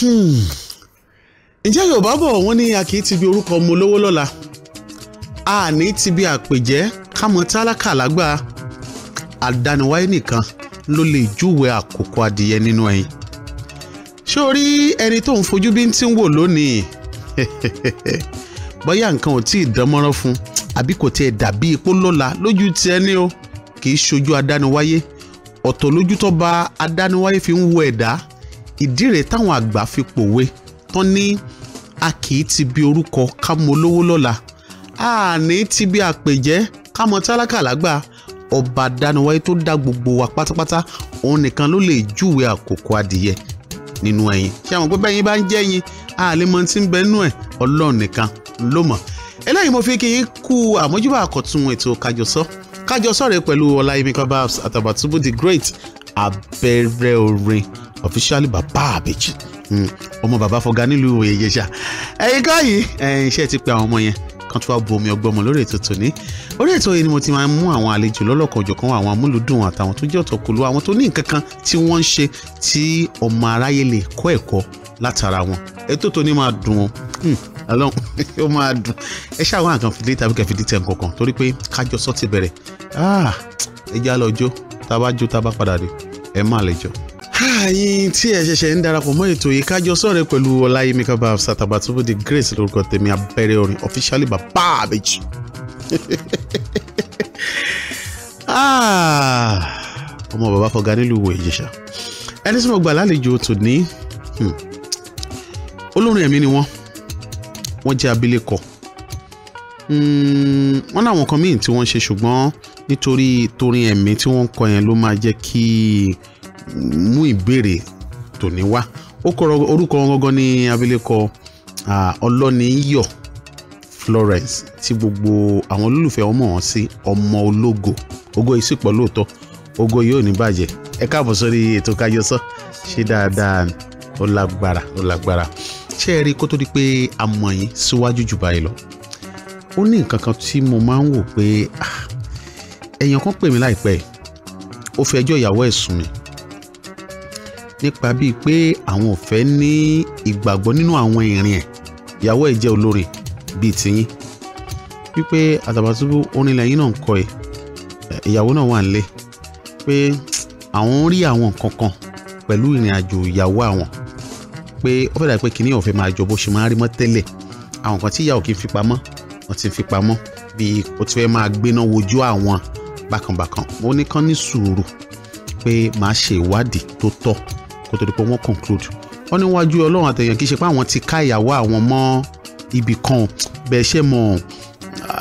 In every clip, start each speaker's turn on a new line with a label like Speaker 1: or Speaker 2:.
Speaker 1: Hmm. ǹjẹ́ yorùbá bọ̀ wọ́n ní a kì í ti bi orúkọ ọmọ olówó lọ́la a ní ti bi àpèjẹ́ kámọ tálákà lágbà àdániwáyé nìkan ló lè júwèé àkókò adìyẹ nínú ẹyin ṣé o rí ẹni tó ń fojú bí ń tí ń wò lónìí bóyá nǹkan ò tí ì dánmọ́rán fún àbí kò tiẹ̀ dàbí ipò lọ́la lójú tiẹ̀ ní o kì í ṣojú adániwáyé ọ̀tọ̀ lójú tó bá adániwáyé fi ń wo ẹ̀dá ìdí rèé táwọn àgbà fi pòwe tán ní a kì í ti bi orúkọ ká mọ olówó lọ́la a ní ti bi àpèjẹ́ ká mọ tálákà lágbà ọba dániwáyé tó dá gbogbo wa pátápátá òun nìkan ló lè júwe àkókò adìyẹ nínú ẹyin ṣé àwọn pé bẹ́yìn bá ń jẹ́ yin a lè mọ tí ń bẹ nú ẹ̀ ọlọ́run nìkan ló mọ̀ eléyìí mo fi kí n kú àmójúbà àkọ́tún ètò kájọsọ kájọsọ rẹ pẹ̀lú ọláyẹmí kọbabs àtàbàtúbù the great abẹ́rẹ́ orin officially bàbá àbèjì hmm, ọmọ bàbá fọgá nílùú Ìyẹ̀ṣà ẹ̀yin ká yìí ẹ̀yin iṣẹ́ ti pe àwọn ọmọ yẹn kan tó wá bu omi ọgbọ́n mu lórí ètò tòní orí ètò yìí ni mo ti máa ń mú àwọn àlejò lọ́lọ́kan òjọ̀kan àwọn amúlùdùn àtàwọn tó jẹ́ ọ̀tọ̀kùlú àwọn tó ní nǹkan kan tí wọ́n ń ṣe tí ọmọ aráyé lè kọ́ ẹ̀kọ́ látara wọn ètò tòní máa dùn o hmm, ọlọ́run ó máa dùn ẹ ṣàwọn àǹkan fìdí tàbí kẹfìdí tẹ̀ nǹkan kan torí pé kájọ sọ́ ti bẹ̀rẹ̀ ah, ẹ já lọ jó tá ẹ má lè ẹ̀yin tí ẹ ṣẹ̀ṣẹ̀ ń darapọ̀ mọ́ ètò yìí kájọ sọ̀rẹ́ pẹ̀lú ọláyémíkà bàbá Àtàbàtúbú the grace lórúkọ tèmi abẹ́rẹ́ orin officially bàbá àbèjì. Ah, ọmọ bàbá fọgá nílùú wo Ìjẹ̀ṣà ẹni tí mo gbà lálejò tòní hmm, olórin ẹ̀mí ni wọ́n wọ́n jẹ́ abilékọ hmm, wọ́n láwọn kan míì tí wọ́n ṣe ṣùgbọ́n nítorí torin ẹ̀mí tí wọ́n ń kọ yẹn ló máa jẹ́ kí mú ìbéèrè tòní wá ó kọ orúkọ wọn gangan ní abilékọ ọlọ́niyọ̀ Florence tí gbogbo àwọn olólùfẹ́ ọmọ wọn sí ọmọ ológo ògo yìí sì pọ̀ lóòótọ́ ògo yóò ní bàjẹ́ ẹ káàbọ̀ sórí ètò Kájọsọ ṣe dáadáa ó lágbára ó lágbára ṣé ẹ rí kó tó di pé a mọ̀ yín síwájú jù báyìí lọ ó ní nǹkan kan tí mo máa ń wò pé ah, èèyàn kan pè mí láìpẹ́ ó fi ẹjọ́ ìyàwó ẹ̀ sùn mí nípa bíi pé àwọn ò fẹ́ ní ìgbàgbọ́ nínú àwọn ìrìn ẹ̀ ìyàwó ẹ̀ jẹ́ olórí bíi tiyín wípé Àtàbàtúbú onílẹ̀ yín náà ń kọ ẹ̀ ìyàwó náà wà nílé pé àwọn ń rí àwọn nǹkan kan pẹ̀lú ìrìn àjò ìyàwó àwọn pé ó fẹ́ dà pé kìnìún ọ̀fẹ́ máa jọ bó ṣe máa rí mọ́ tẹ́lẹ̀ àwọn kan tí ìyàwó kì í fi pamọ́ wọ́n ti fi pamọ́ bíi ó ti fẹ́ máa gbéná wojú àwọn bákanbákan ó ní kán ní sùúrù pé màá ṣe ìwádìí tó tọ́ kó tó di pé wọ́n conclude wọ́n níwájú ọlọ́run àtẹ̀yàn kì í ṣe pé àwọn ti ká ìyàwó àwọn mọ́ ibì kan bẹ́ẹ̀ ṣe mọ̀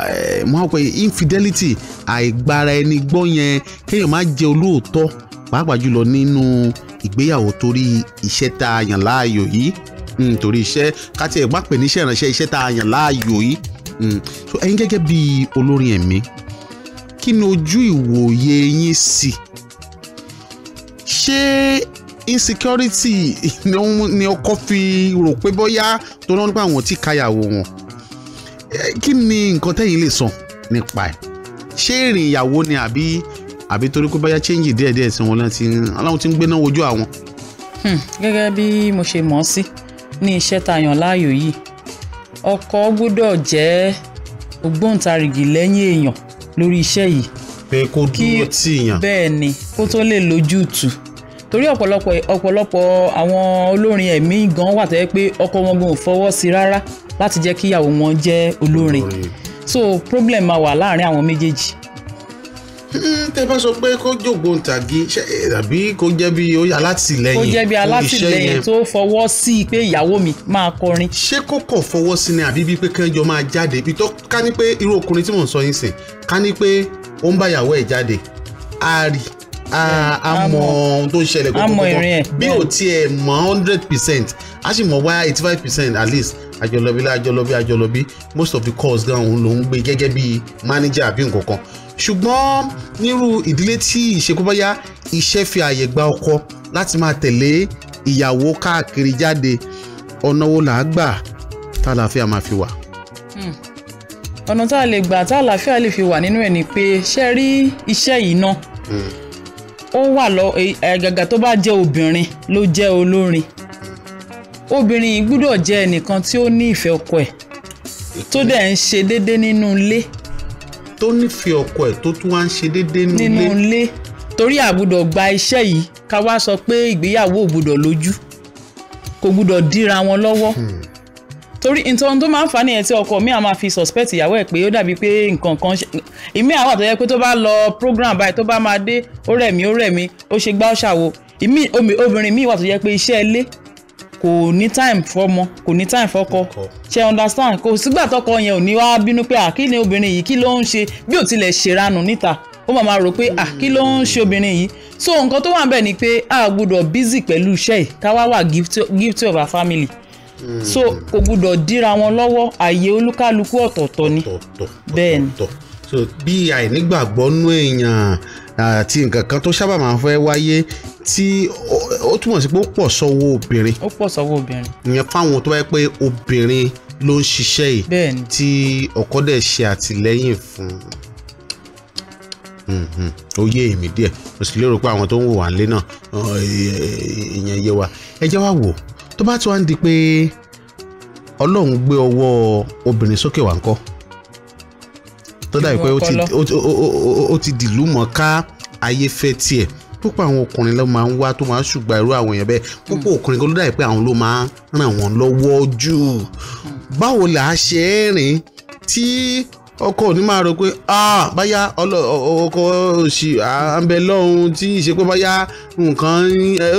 Speaker 1: eh, mọ́ pé infidelity àìgbara ẹni gbọ́ yẹn kéèyàn má jẹ́ olóòótọ́ pàápàá jùlọ nínú ìgbéyàwó torí iṣẹ́ tá a yàn láàyò yìí hmm, torí iṣẹ́ káti ẹ̀ má pè níṣẹ́ ìránṣẹ́ iṣẹ́ tá a yàn láàyò yìí hmm, so ẹ̀yin gẹ́gẹ́ bí olórin ẹ̀mí kí ni ojú ìwòye yín sí ṣé insecurity ni ọkọ fi rò pé bóyá tó lọ́nà pé àwọn tí káyàwó wọn kí ni nǹkan tẹ́yìn lè sọ nípa ẹ̀ ṣé ìrìn ìyàwó ni àbí àbí torí pé bóyá change díẹ̀díẹ̀ sí wọn aláwọn tí ń gbéná wojú àwọn.
Speaker 2: Hmm, gẹ́gẹ́ bí mo ṣe mọ̀ ọ́ sí ní iṣẹ́ tá a yàn láàyò yìí ọkọ gbọ́dọ̀ jẹ́ ògbóǹtarìgì lẹ́yìn èèyàn lórí iṣẹ́ yìí. pé bẹ́ẹ̀ ni kó tó lè lójútùú torí ọ̀pọ̀lọpọ̀ ọ̀pọ̀lọpọ̀ àwọn olórin ẹ̀mí gan wà tó yẹ pé ọkọ wọn gan ò fọwọ́ sí rárá láti jẹ́ kí ìyàwó wọn jẹ́ olórin so problem máa wà láàrin àwọn méjèèjì. Hmm, tẹ bá sọ pé
Speaker 1: kó jògbóǹtàgì àbí kó jẹ́ bí alátìlẹyìn kó jẹ́ bí alátìlẹyìn tó fọwọ́ sí i pé ìyàwó mi máa kọrin. ṣé kò kàn fọwọ́ sí ni àbí bíi pé kẹ́ńjọ máa jáde ibi tó ká ní pé irú ọkùnrin tí mò ń sọ yín sìn ká ní pé ó ń bá ìyàwó ẹ̀ jáde á a mọ ohun tó ń ṣẹlẹ̀ kọ́kọ́kọ́ bí o tiẹ̀ mọ hundred percent a sì mọ wá eighty five percent at least àjọlọbí lájọlọbí àjọlọbí most of the calls gan òun ló ń gbé gẹ́gẹ́ bí manager àbí nǹkan kan ṣùgbọ́n nírú ìdílé tí ìṣekúbáyá iṣẹ́ fi àyè gba ọkọ láti máa tẹ̀lé ìyàwó káàkiri jáde ọ̀nà wo là á gbà tá àlàáfíà máa fi wà. Hmm.
Speaker 2: ọ̀nà tá a lè gbà tá àlàáfíà lè fi wà nínú ẹ̀ ni pé ṣe rí iṣẹ́ yìí náà hmm ó wà lọ àgàgà tó bá jẹ́ obìnrin ló jẹ́ olórin obìnrin yìí gbúdọ̀ jẹ́ ẹnìkan tí ó ní ìfẹ́ ọkọ ẹ̀ tó dẹ̀ ń ṣe déédé nínú ilé. tó nífẹ̀ẹ́ ọkọ ẹ̀ tó tún wá ń ṣe déédé nínú ilé. nínú ilé torí àgbùdọ̀ gba iṣẹ́ yìí ká wá sọ pé ìgbéyàwó ò gbúdọ̀ lójú kò gbúdọ̀ díra wọn lọ́wọ́ hmm. torí nǹkan tó máa ń fà nìyẹn tí ọkọ mi á máa fi suspect ìyàwó ẹ̀ pé ó dàbí pé nǹkan kan ìmí àwọn àtọ́jẹ́ pé tó bá lọ program báyìí tó bá máa dé ó rẹ̀mí ó rẹ̀mí ó ṣe gbá ó ṣàwo ìmí obìnrin míì wà tó jẹ́ pé iṣẹ́ ilé kò ní time fọmọ kò ní time fọkọ ṣe understand kò sígbà tọkọ yẹn ò ní wá bínú pé à kí ni obìnrin yìí kí ló ń ṣe bí ò tilẹ̀ ṣèrànù níta ó máa máa rò pé à kí ló ń ṣe obìnrin yìí so nǹkan tó wà ń bẹ̀ ni pé a gbọ́dọ̀ busy pẹ̀lú iṣẹ́ yìí ká wá wà gift of our family hmm. so kò gbọ́dọ̀ dira wọn lọ́wọ́ àyè olúkálukú ọ̀tọ̀ọ̀tọ̀ ni bẹ́ẹ̀ ni so bí àìnígbàgbọ́ nú èèyàn àti
Speaker 1: nǹkan kan tó sábà máa ń fẹ́ wáyé tí ó túmọ̀ sí pé ó pọ̀ sọ́wọ́ obìnrin. ó
Speaker 2: pọ̀ sọ́wọ́ obìnrin.
Speaker 1: ìyẹn fáwọn tó bá yẹ pé obìnrin ló ń ṣiṣẹ́ yìí. bẹ́ẹ̀ni. tí ọkọ dẹ̀ ṣe àtìlẹ́yìn fún ó yé èmi díẹ̀ mo sì lérò pé àwọn tó ń wò wá nílé náà ìyẹn yé wa ẹ jẹ́ wá wò tó bá ti wá ń di pé ọlọ́run gbé ọwọ́ obìnrin sókè wá ń kọ́ tó dàbí pé ó ti dìlú mọ̀ọ́ká ayé fẹ́ tiẹ̀ púpọ̀ àwọn ọkùnrin ló máa ń wá tó máa ń ṣùgbà irú àwọn èèyàn bẹ́ẹ̀ púpọ̀ ọkùnrin kan ló dàbí pé àwọn ló máa ń ràn wọ́n lọ́wọ́ jù báwo là á ṣe é rìn tí ọkọ ò ní máa rò pé báyà ọkọ òsì àbẹ
Speaker 2: lọ́hùn tí ìṣe pé báyà nǹkan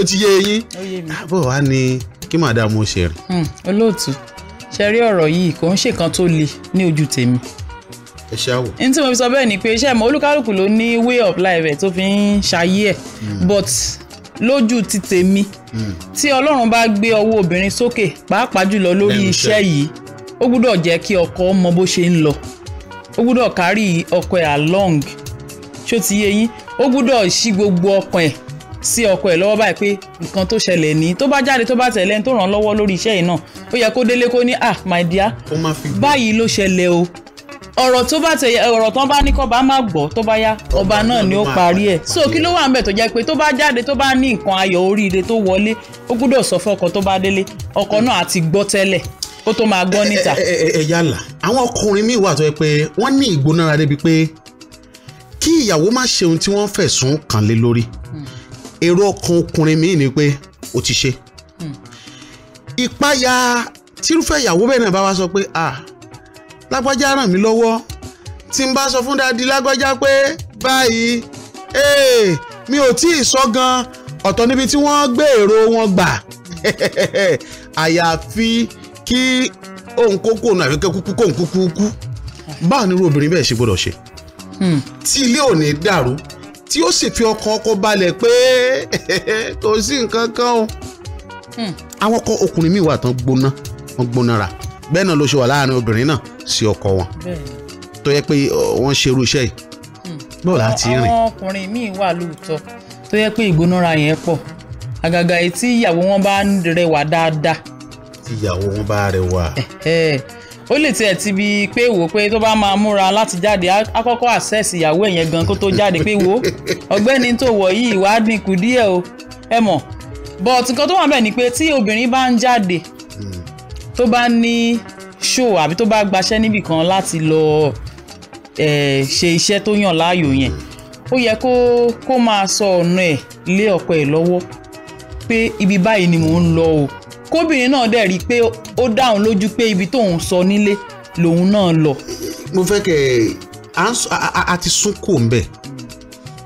Speaker 2: ó ti yé eyín bó wàá ni kí
Speaker 1: màdàmú ṣe rìn.
Speaker 2: Hmm, olóòtú ṣe rí ọ̀rọ̀ yìí kò ń ṣèkan tó le ní ojú tèmi ẹ ṣe àwò. n tí mo fi sọ bẹ́ẹ̀ ni pé iṣẹ́ mọ olúkálùkù ló ní way of life ẹ̀ tó fi ń ṣayé ẹ̀ hmm. but lójú ti tèmi hmm. tí ọlọ́run bá gbé ọwọ́ obìnrin sókè pàápàá jùlọ lórí iṣẹ́ yìí ó gbúdọ̀ jẹ́ kí ọkọ mọ bó ṣe ń lọ ó gbúdọ̀ kárí ọkọ ẹ̀ along ṣó ti yé yín ó gbúdọ̀ ṣí gbogbo ọkàn ẹ̀ sí ọkọ ẹ̀ lọ́wọ́ báyìí pé nǹkan tó ṣẹlẹ̀ ní tó bá jáde tó bá tẹ̀lé ẹni tó ràn lọ́wọ́ lórí iṣẹ́ yìí náà ó yẹ kó délé kó ní ah my dear báyìí ló ṣẹlẹ̀ o ọ̀rọ̀ tó bá tẹ ọ̀rọ̀ tán bá ní kọ́ba má gbọ́ tó bá yá ọba náà ni ó parí ẹ̀ so kí ló wà ń bẹ̀ tó jẹ́ pé tó bá jáde tó bá ní nǹkan ayọ̀ oríire tó wọlé ó gbúdọ̀ sọ fún ọkọ tó bá délé ọkọ náà á ti gbọ́ tẹ́lẹ̀ ó tó máa gbọ́ níta. ẹ ẹ ẹ yálà àwọn ọkùnrin míì
Speaker 1: wà tó yẹ pé wọ́n ní ìgbónára débi pé kí ìyàwó má ṣe ohun tí wọ́n fẹ̀sùn kàn lé lórí hmm. èrò ọkàn ọkùnrin míì ni pé ó ti ṣe hmm. ìpayà tírúfẹ́ ìyàwó bẹ́ẹ̀ náà bá wá sọ pé ah lágbájá ràn mí lọ́wọ́ tí n bá sọ fún dádì lágbájá pé báyìí ee eh, mi ò tí ì sọ gan ọ̀tọ̀ níbi tí wọ́n gbé èrò wọn gbà àyàfi kí òun kókó òun àfikẹ́ kúkú kóun kúkú kú báwo ni irú obìnrin bẹ́ẹ̀ ṣe gbọ́dọ̀ ṣe hmm. tí ilé ò ní dàrú tí ó sì fi ọkàn ọkọ balẹ̀ pé kò sí nǹkan kan o hmm. àwọn ọkọ ọkùnrin míì wà tán gbóná wọn gbóná ra bẹ́ẹ̀ náà ló ṣe wà láàrin obìnrin náà sí ọkọ wọn tó yẹ pé wọ́n ṣe irú iṣẹ́ yìí hmm. bó láti rìn. àwọn
Speaker 2: ọkùnrin míì wà lóòótọ́ tó yẹ pé ìgbónára yẹn pọ̀ àgàgà èyí tí ìyàwó wọn bá ń rẹwà dáadáa.
Speaker 1: tí ìyàwó wọn bá rẹwà.
Speaker 2: ó lè tiẹ̀ ti bi pé wò pé tó bá máa múra láti jáde àkọ́kọ́ access ìyàwó ẹ̀yẹn gan kó tó jáde pé wò ọ̀gbẹ́ni tó wọ̀ yìí wàá dínkù díẹ̀ o ẹ mọ̀ but nǹkan tó wà bẹ́ẹ̀ ni pé tí obìnrin bá ń jáde tó bá ní show àbí tó bá gbaṣẹ́ níbì kan láti lọ ṣe iṣẹ́ tó yàn láàyò yẹn ó yẹ kó kó máa sọ ọ̀nà ẹ̀ lé ọkọ ẹ̀ lọ́wọ́ pé ibi báyìí ni mò ń lọ o kóbìnrin náà dẹ̀ rí i pé ó dá òun lójú pé ibi tóun sọ nílé lòun náà lọ. mo fẹ́ kẹ́ a ti sún kò ń bẹ̀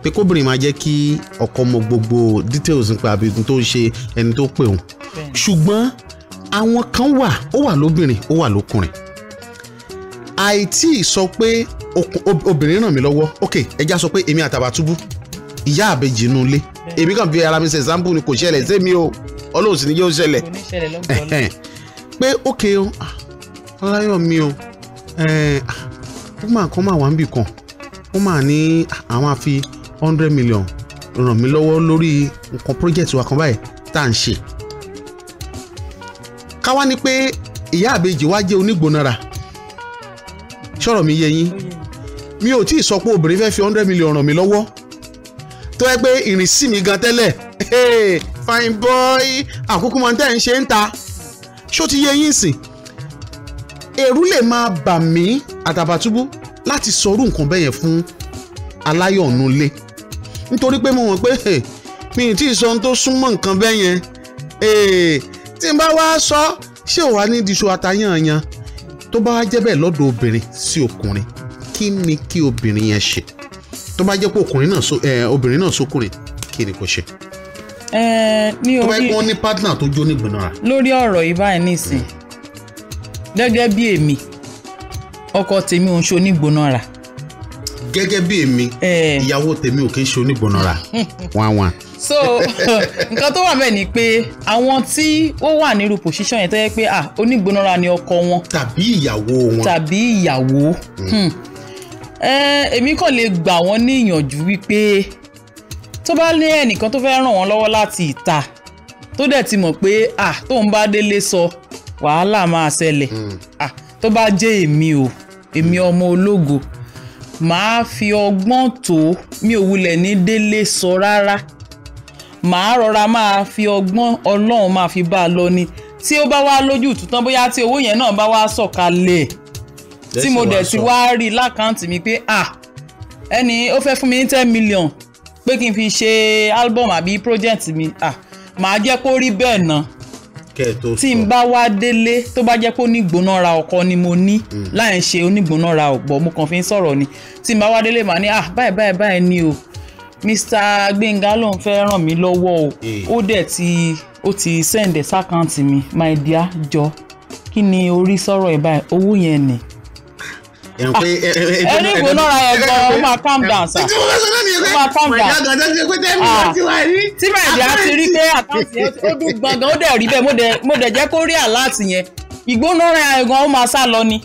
Speaker 2: pé kóbìnrin máa jẹ́
Speaker 1: kí ọkọ mọ gbogbo details nípa àbí tó ń ṣe ẹni tó pè òun ṣùgbọ́n àwọn kan wà ó wà lóbìnrin ó wà lókùnrin àìtí sọ pé obìnrin ràn mí lọ́wọ́ ok ẹja sọ pé èmi àtàbàtúbú ìyá àbejì inú ilé èmi kàn fi ara mi ṣe example ni kò ṣẹlẹ̀ sẹ́mi o ọlọ́run sì ni yóò ṣẹlẹ̀ pé ok o ah, ọláyọ̀ mi o eh, ah, ó máa kọ́ máa wà níbì kan ó máa ní àwọn ah, àfi hundred million ràn mí lọ́wọ́ lórí nǹkan project wa kan báyìí tá à ń ṣe káwá ni pé ìyá àbejì wá jẹ́ onígbónára ṣọ̀rọ̀ mi yé yín mi ò tí ì sọ pé obìnrin fẹ́ fi hundred million ràn mí lọ́wọ́ tó yẹ pé ìrìnsí mi gan tẹ́lẹ̀ hey, fine boy àkókò máa ń tẹ̀ ń ṣe ń ta ṣó ti yé yín sìn ẹ̀rù lè máa bà mí àtàbàtúbú láti sọrú nǹkan bẹ́yẹn fún aláyọ̀nù lé nítorí pé mo mọ̀ pé mi ì tí ì sọ ohun tó súnmọ́ nǹkan bẹ́yẹn tí n bá wá sọ ṣé ò wá ní diṣu atayanyan tó bá wá jẹ́ bẹ́ẹ̀ lọ́dọ̀ obìnrin sí ọkùnrin kí ni kí obìnrin yẹn ṣe tó bá jẹ́ pé ọkùnrin náà so eh, obìnrin náà
Speaker 2: sókùnrin kí ni kò ṣe. ní eh, orí tó bá yẹ ní partner tó jó nígbìnà rà. lórí ọ̀rọ̀ yìí báyìí nísìnyí gẹ́gẹ́ bí èmi ọkọ tèmi ò ń ṣe onígbóná rà.
Speaker 1: gẹ́gẹ́ bí èmi eh. ìyàwó tèmi ò kí ń ṣe onígbóná rà wá wá
Speaker 2: so nǹkan tó wà mẹ́ẹ̀ ni pé àwọn tí ó wà nírú position yẹn tó yẹ pé ah onígbónára ni ọkọ wọn. tàbí ìyàwó wọn. tàbí ìyàwó. Hmm. Hmm. èmi kàn lè gbà wọ́n ní ìyànjú wípé tó bá ní ẹnìkan tó fẹ́ ràn wọ́n lọ́wọ́ láti ìta tó dẹ̀ ti mọ̀ pé ah tóun bá délé sọ wàhálà máa ṣẹlẹ̀ ah tó bá jẹ́ èmi o èmi ọmọ ológo màá fi ọgbọ́n tó mi ò wulẹ̀ ní délé sọ rárá. So màá rọra máa fi ọgbọ́n ọlọ́run máa fi bá a lọ ni tí ó bá wá lójú ìtútàn bóyá tí owó yẹn náà bá wá sọ̀kalẹ̀ tí mo dẹ̀ ti wá rí lákàntì mi pé ah ẹni ó fẹ́ fún mi ní ten million pé kí n fi ṣe album àbí project mi ah màá jẹ́ kó rí bẹ́ẹ̀ náà tí n bá wá délé tó bá jẹ́ pé onígbónára ọkọ ni mo ní hmm. láì ṣe onígbónára ọ̀gbọ́n mo kàn fi ń sọ̀rọ̀ ni tí n bá wá délé màá ní ah báyìí báyìí báyìí ni o. Mr. Gbénga ló ń fẹ́ ràn mí lọ́wọ́ o ó dẹ̀ ti ó ti send ẹ̀ sákàǹtì mi my dear jọ kí ni orí sọ̀rọ̀ ẹ̀ báyìí owó yẹn ni ẹni ìwé náà yẹn gan ọ máa calm down sa ọ máa calm down tí mẹ̀díà ti rí pé àkáǹtì yẹn ó dún gbọ̀ngàn ó dẹ̀ rí bẹ́ẹ̀ mo dẹ̀ jẹ́ kó rí àláàtì yẹn ìgbóná yẹn gan ó máa sá lọ ni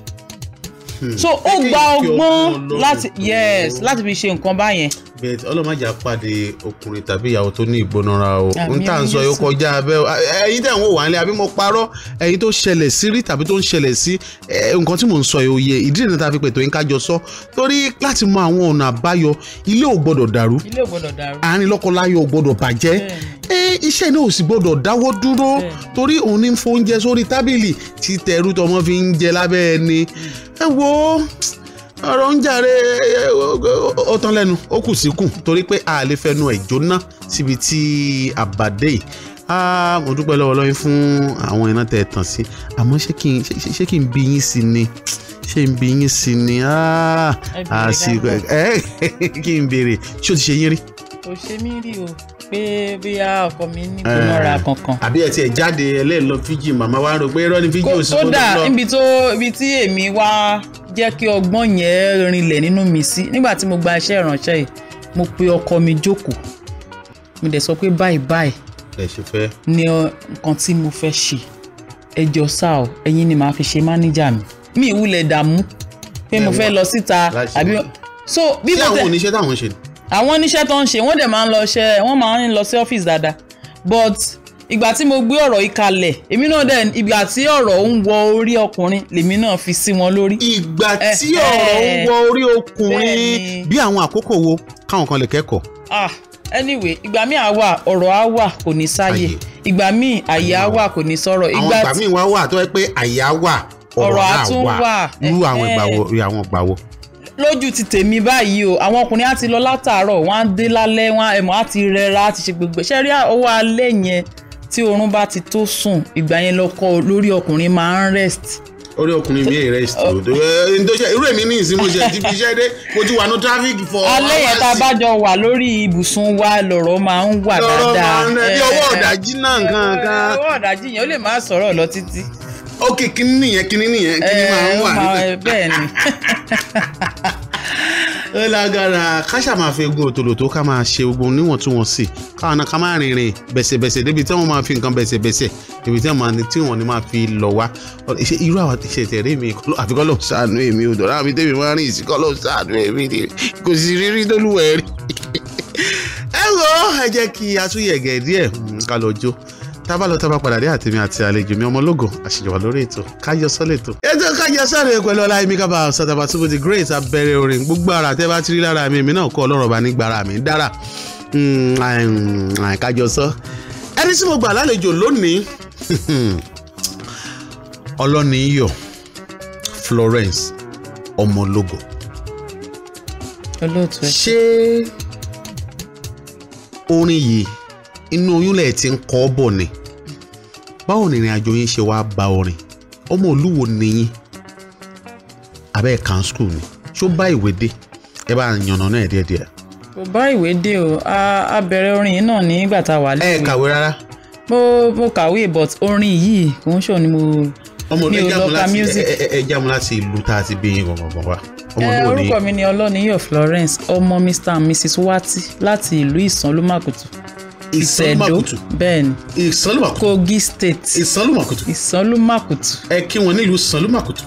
Speaker 2: so ó gba ọgbọ́n láti yes láti fi ṣe nǹkan báyẹn bẹ́ẹ̀ ọlọ́mọjà pàdé
Speaker 1: ọkùnrin tàbí ìyàwó tó ní ìgbónára o n tà ń sọ yóò kọjá abẹ́ ẹ̀yin tẹ̀ ń wò wá nílé àbí mo parọ́ ẹ̀yin tó ṣẹlẹ̀ sí rí tàbí tó ń ṣẹlẹ̀ sí nǹkan tí mò ń sọ yìí òye ìdí ìrìn ta fi pètò yín kájọ sọ torí láti mọ àwọn ọ̀nà àbáyọ ilé ò gbọ́dọ̀ dàrú àárín lọ́kọláyọ̀ ò gbọ́dọ̀ bàjẹ́ iṣẹ́ náà ò sì gbọ́dọ̀ dáwọ́ dúró torí òun ní fóúnjẹ sórí tábìlì tí tẹ̀rù tọmọ fi ń jẹ lábẹ́ ẹni mm. ẹ wo ọ̀rọ̀ ń jàre ó tán lẹ́nu ó kù síkùn torí pé a lè fẹnu ẹ̀ jóná síbi tí àbàdé yìí mo dúpẹ́ lọ́wọ́ lọ́yìn fún àwọn iná tẹ̀ tàn sí àmọ́ ṣé kí n ṣé kí n bí yín sí ni ṣé n bí yín sí ni àsìkò ẹ kí n béèrè ṣé o ti ṣe yín rí.
Speaker 2: kò ṣe mí rí o pé bóyá ọkọ mi ní kó lọ́ra
Speaker 1: kankan. àbí ẹ tiẹ̀ jáde ẹlẹ́ẹ̀lọ fíjì màmá wa rò pé irọ́ ni fíjì ò sí kó tó lọ. kódà
Speaker 2: níbi tí èmi wá jẹ́ kí ọgbọ́n yẹn rinlẹ̀ nínú mi sí nígbà tí mo gba iṣẹ́ ìránṣẹ́ yìí mo pe ọkọ mi jókòó mo dẹ̀ sọ pé báyìí báyìí ni nǹkan tí mo fẹ́ ṣe ẹ sá o ẹ̀yin ni màá fi ṣe mánéjà mi mi ìwúlẹ̀ dààmú pé mo fẹ́ lọ síta àbí so bí mo tẹ àwọn oníṣẹ́ táwọn ń ṣe. àwọn oníṣẹ́ tó ń ṣe wọ́n dẹ̀ máa ń lọ ṣe wọ́n máa ń lọ sí ọ́fíìsì dáadáa but ìgbà tí mo gbé ọ̀rọ̀ yìí kalẹ̀ èmi náà dẹ̀ ìgbà tí ọ̀rọ̀ ń wọ orí ọkùnrin lèmi náà fi sí wọn lórí. ìgbà eh, tí ọ̀rọ̀ ń eh, wọ orí ọkùnrin
Speaker 1: bí àwọn àkókò wo káwọn kan lè kẹ́kọ̀ọ́.
Speaker 2: ah anyway ìgbà míì á wà ọ̀rọ̀ á wà kò ní sáyè ìgbà míì àyè á wà kò ní sọ̀rọ̀. àwọn ìgbà míì wá wà tó yẹ pé àyè á wà ọ̀rọ̀ á wà irú àwọn ìgbà eh. wo
Speaker 1: irú àwọn ìgbà wo
Speaker 2: lójú ti tèmi báyìí o àwọn ọkùnrin á ti lọ látàárọ̀ wọ́n á dé lálẹ́ wọ́n á ẹ̀mọ́ ti rẹra á ti ṣe gbogbo ṣẹ́rí ọwọ́ alẹ́ yẹn tí oorun bá ti tó sùn ìgbà yẹn lọkọ lórí ọkùnrin máa ń rest
Speaker 1: orí ọkùnrin mi ì rest o irú èmi ní ìsinmi ṣe ti
Speaker 2: fi iṣẹ́ dé mo ti wà traffic for. alẹ́ yẹn tá a bá jọ wà lórí ibùsùn wa lọ̀rọ̀ máa ń wà dáadáa. lọ̀rọ̀ máa ń rẹ bí ọwọ́ ọ̀dájí náà kankan. ọwọ́ ọ̀dájí yẹn ó lè máa sọ̀rọ̀ lọ títí ok kíní nìyẹn kíní nìyẹn kíní máa ń wà níbẹ̀.
Speaker 1: ó lágara ká ṣáà máa fi egun òtòlò tó ká máa ṣe ogun níwọ̀ntúnwọ̀nsì káwọn náà ká máa rìnrìn bẹ̀sẹ̀bẹ̀sẹ̀ débi tí wọ́n máa fi nǹkan bẹ̀sẹ̀bẹ̀sẹ̀ débi tí wọ́n ní máa fi lọ̀ wá irú àwọn ìṣẹ̀tẹ̀rẹ́ mi àfikọ́ lọ́ọ́ sànú èmi ò dọ̀rọ̀ àmì tèmi máa rìn ìsìnkọ́ lọ́ọ́ sànú èmi kò sì rírí lólùwẹ̀ẹ́rì ẹ wo kí a tún yẹ̀gẹ̀ díẹ̀ ká lọ jó tábà lọ tábà padà dé àtẹ̀mí àti àlejò mi ọmọ ológo àṣejọba lórí ètò káyọsọ lẹ́tọ̀. ètò káyọsọ rẹ̀ pẹ̀lú ọlá ẹ̀mí kábà ṣàtàbà túbú the great abẹ́rẹ́ orin gbogbo ara tẹ́ bá ti rí lára mi èmi náà kọ́ ọlọ́rọ̀ bá nígbàrà mi dára hmm, kájọsọ. ẹni tí mo gbà lálejò lónìí ọlọ́niyọ̀ Florence ọmọ ológo. olóòtú ẹ ṣé orin yìí inú oyún lẹ̀ ti ń kọ́ bọ̀ ni báwo ni ìrìn àjò yín ṣe wá ba orin ọmọ olúwo nìyín abẹ́ kan school ni ṣó bá ìwé dé ẹ bá yànnà náà díẹ̀díẹ̀.
Speaker 2: kò bá ìwé dé o a bẹ̀rẹ̀ orin yìí náà nígbà tá a wà lẹ́yìn. ẹ kàwé rárá. mo mo kàwé but orin yìí kò ń ṣòro ni mo ọmọ mi ò lọ ka music.
Speaker 1: ẹ jámu láti ìlú tá a ti bí gbọ̀ngbọ̀n wa.
Speaker 2: ni orúkọ mi ni ọlọ́niyọ̀ Florence ọmọ Mr and Mrs Wati láti ìlú Ìsàn Lómàkùtù ìsẹ̀dó bẹ́ẹ̀ni ìsọlùmàkùtù kogi state ìsọlùmàkùtù ìsọlùmàkùtù. ẹ kí wọn nílùú sọlùmàkùtù.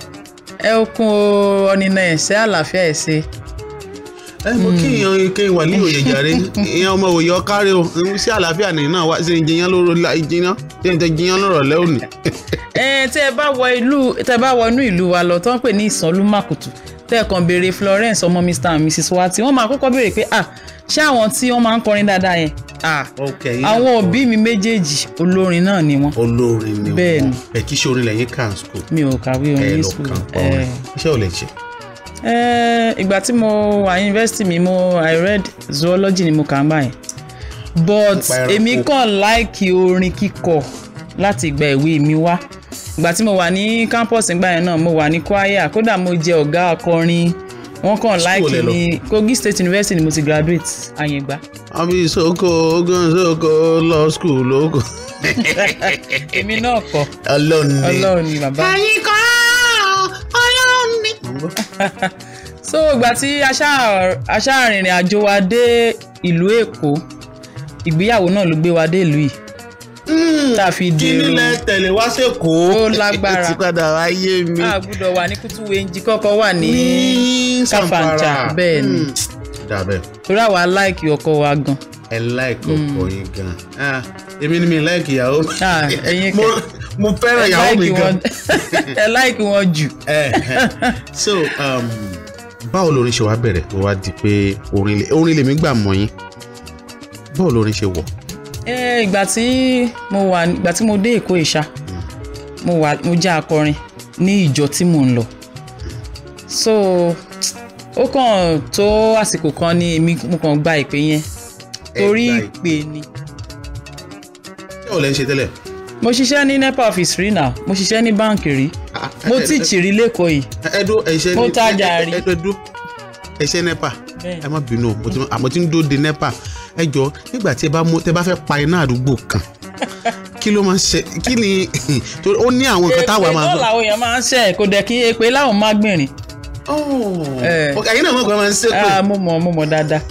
Speaker 2: ẹ okun ọ̀nìnà ẹ̀sẹ̀ àlàáfíà ẹ̀sẹ̀.
Speaker 1: ẹ mo kí hmm. ìyan ike wà ní òye jàre ìyan ọmọ òye ọkárẹ o sí àlàáfíà nìyí náà wá sí ìjìyàn lóró ìjìyàn sí ìjìyàn lóró lẹ́wọ̀n.
Speaker 2: ẹ tẹ ẹ bá wọ ìlú tẹ bá wọ inú ìlú wa lọ tó ń pè ní ìsọlùmàkùtù tẹ́ẹ̀kan béèrè Florence ọmọ Mr and Mrs Wati wọ́n máa kọ́kọ́ béèrè pé ah ṣé àwọn tí wọ́n máa ń kọrin dáadáa yẹn ah àwọn òbí mi méjèèjì olórin náà ni wọ́n. olórin ni wọ́n ẹ kí ṣe orin lẹ́yìn kan school. mi ò kàwé orin ní school ẹ eh. iṣẹ́ ò lè ṣe. Eh, ìgbà tí mo wà yunifásitì mi mo I read zoology ni mo kà ń bá but èmi kàn láìkì orin kíkọ láti ìgbà ìwé mi wá. Like ìgbà tí mo wà ní campus ìgbà yẹn náà mo wà ní choir kódà mo jẹ ọ̀gá akọrin wọn kàn láìkì ní Kogi State University ni mo ti graduate àyẹ̀gbá. àbí soko ogun soko law school lóko. èmi náà kọ Ọlọ́run ni bàbá. ẹ̀yin
Speaker 1: kọ́ Ọlọ́run ni.
Speaker 2: so ìgbà tí aṣáàrìnrìn àjò wa dé ìlú Èkó ìgbéyàwó náà ló gbé wa dé ìlú yìí Hmm. tá a fi dèrò kí nílẹ̀ tẹ̀lé wá sẹ́kọ̀ọ́ ó lágbára ti padà wá yé mi. a gbọ́dọ̀ wà ní kútu wenji kọ́kọ́ wà ní káfàǹtà bẹ́ẹ̀ ni hmm. torí àwa láìkì ọkọ wa gan.
Speaker 1: ẹ láìkì hmm. ọkọ yín gan ah, èmi ni mi láìkì ah, ìyàwó mi mo
Speaker 2: fẹ́ràn ìyàwó mi gan. ẹ láìkì wọn jù. Eh, eh.
Speaker 1: so um, báwo lorin ṣe wá bẹ̀rẹ̀ ó wá di pé orin lèmi gbà mọ́ yín báwo lorin ṣe wọ̀
Speaker 2: ìgbà tí mo wà ìgbà tí mo dé Èkó ìṣá mo wà mo jẹ́ akọrin ní ìjọ tí mò ń lọ so ó kàn tó àsìkò kan ní èmi mo kàn gba ìpè yẹn torí ìpè ni. ṣé ò lè ṣe tẹ́lẹ̀. mo ṣiṣẹ́ ní nepa office rí náà mo ṣiṣẹ́ ní báǹkì rí ah, ah, mo ti ì rí lẹ́kọ̀ọ́ yìí mo tajà rí.
Speaker 1: ẹ̀dọ́ ẹ̀ṣẹ́ nepa ẹ má bínú mo tí ń dóde nepa ẹ jọ nígbà tí ẹ bá mú tẹ bá fẹ́ pa iná àdúgbò kan kí ló máa ń ṣe kí ni
Speaker 2: ó ní àwọn nǹkan táwa máa ń. èpè náà làwọn èèyàn máa ń ṣe kò dẹ̀ kí èpè láwọn máa gbìnrín. ẹ̀yin oh, eh. náà mọ̀ pé máa ń ṣépè. Ah, mo mọ̀ mo mọ̀ dáadáa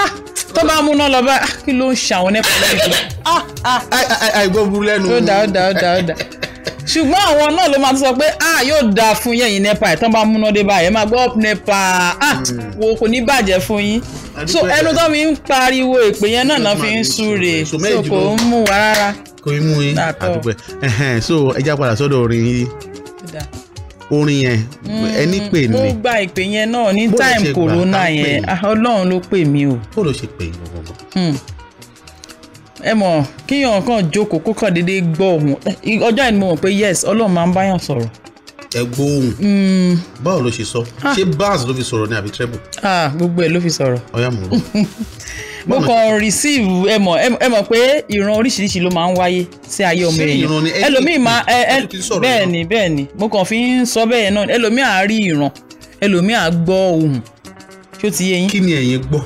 Speaker 2: ah, tó bá mú náà lọ bá ah, kí ló ń ṣàwọn nípa lẹ́yìn. àìgbọ́ burú lẹ́nu. ó dà ó dà ó dà ó dà ṣùgbọ́n àwọn náà ló máa sọ pé ah yóò dáa fún yẹ̀yìn nepa ẹ̀ tán bá múná dé báyìí ẹ máa gbọ́ up nepa ah wo kò ní bàjẹ́ fún yín so ẹnu tó fi ń pariwo èpè yẹn náà náà fi ń súre so kò ń mú wa rárá.
Speaker 1: kò ń mú yín àdúgbò so ẹ já padà sọ́dọ̀ orin yìí orin yẹn hmm, ẹni pè mí. mo
Speaker 2: gba ìpè yẹn náà ní time corona yẹn ah, ọlọ́run ló pè mí o. bó ló ṣe pè yín gbọ̀ngàn. Hmm ẹ mọ̀ kíyàn kan jókòó kó kàn déédéé gbọ́ ohùn ọjọ́ ìní mo mọ̀ pé yes ọlọ́run máa ń báyàn sọ̀rọ̀ ẹ gbóhùn hmm. báwo ló ṣe sọ ah. ṣé bass ló fi sọ̀rọ̀ ni àbí treble. ah gbogbo ẹ ló fi sọ̀rọ̀. ọyá mo rò. mo kàn receive ẹ mọ̀ ẹ mọ̀ pé ìran oríṣiríṣi ló máa ń wáyé sí ayé ọmọ èèyàn ẹlòmíì máa ẹ ẹ bẹ́ẹ̀ ni bẹ́ẹ̀ ni mo kàn fi ń sọ bẹ́ẹ̀ náà ẹlòmíì á rí ìran ẹlòmíì á gbọ́ ohùn ṣó ti yé yín. kí ni ẹ̀yin gbọ́.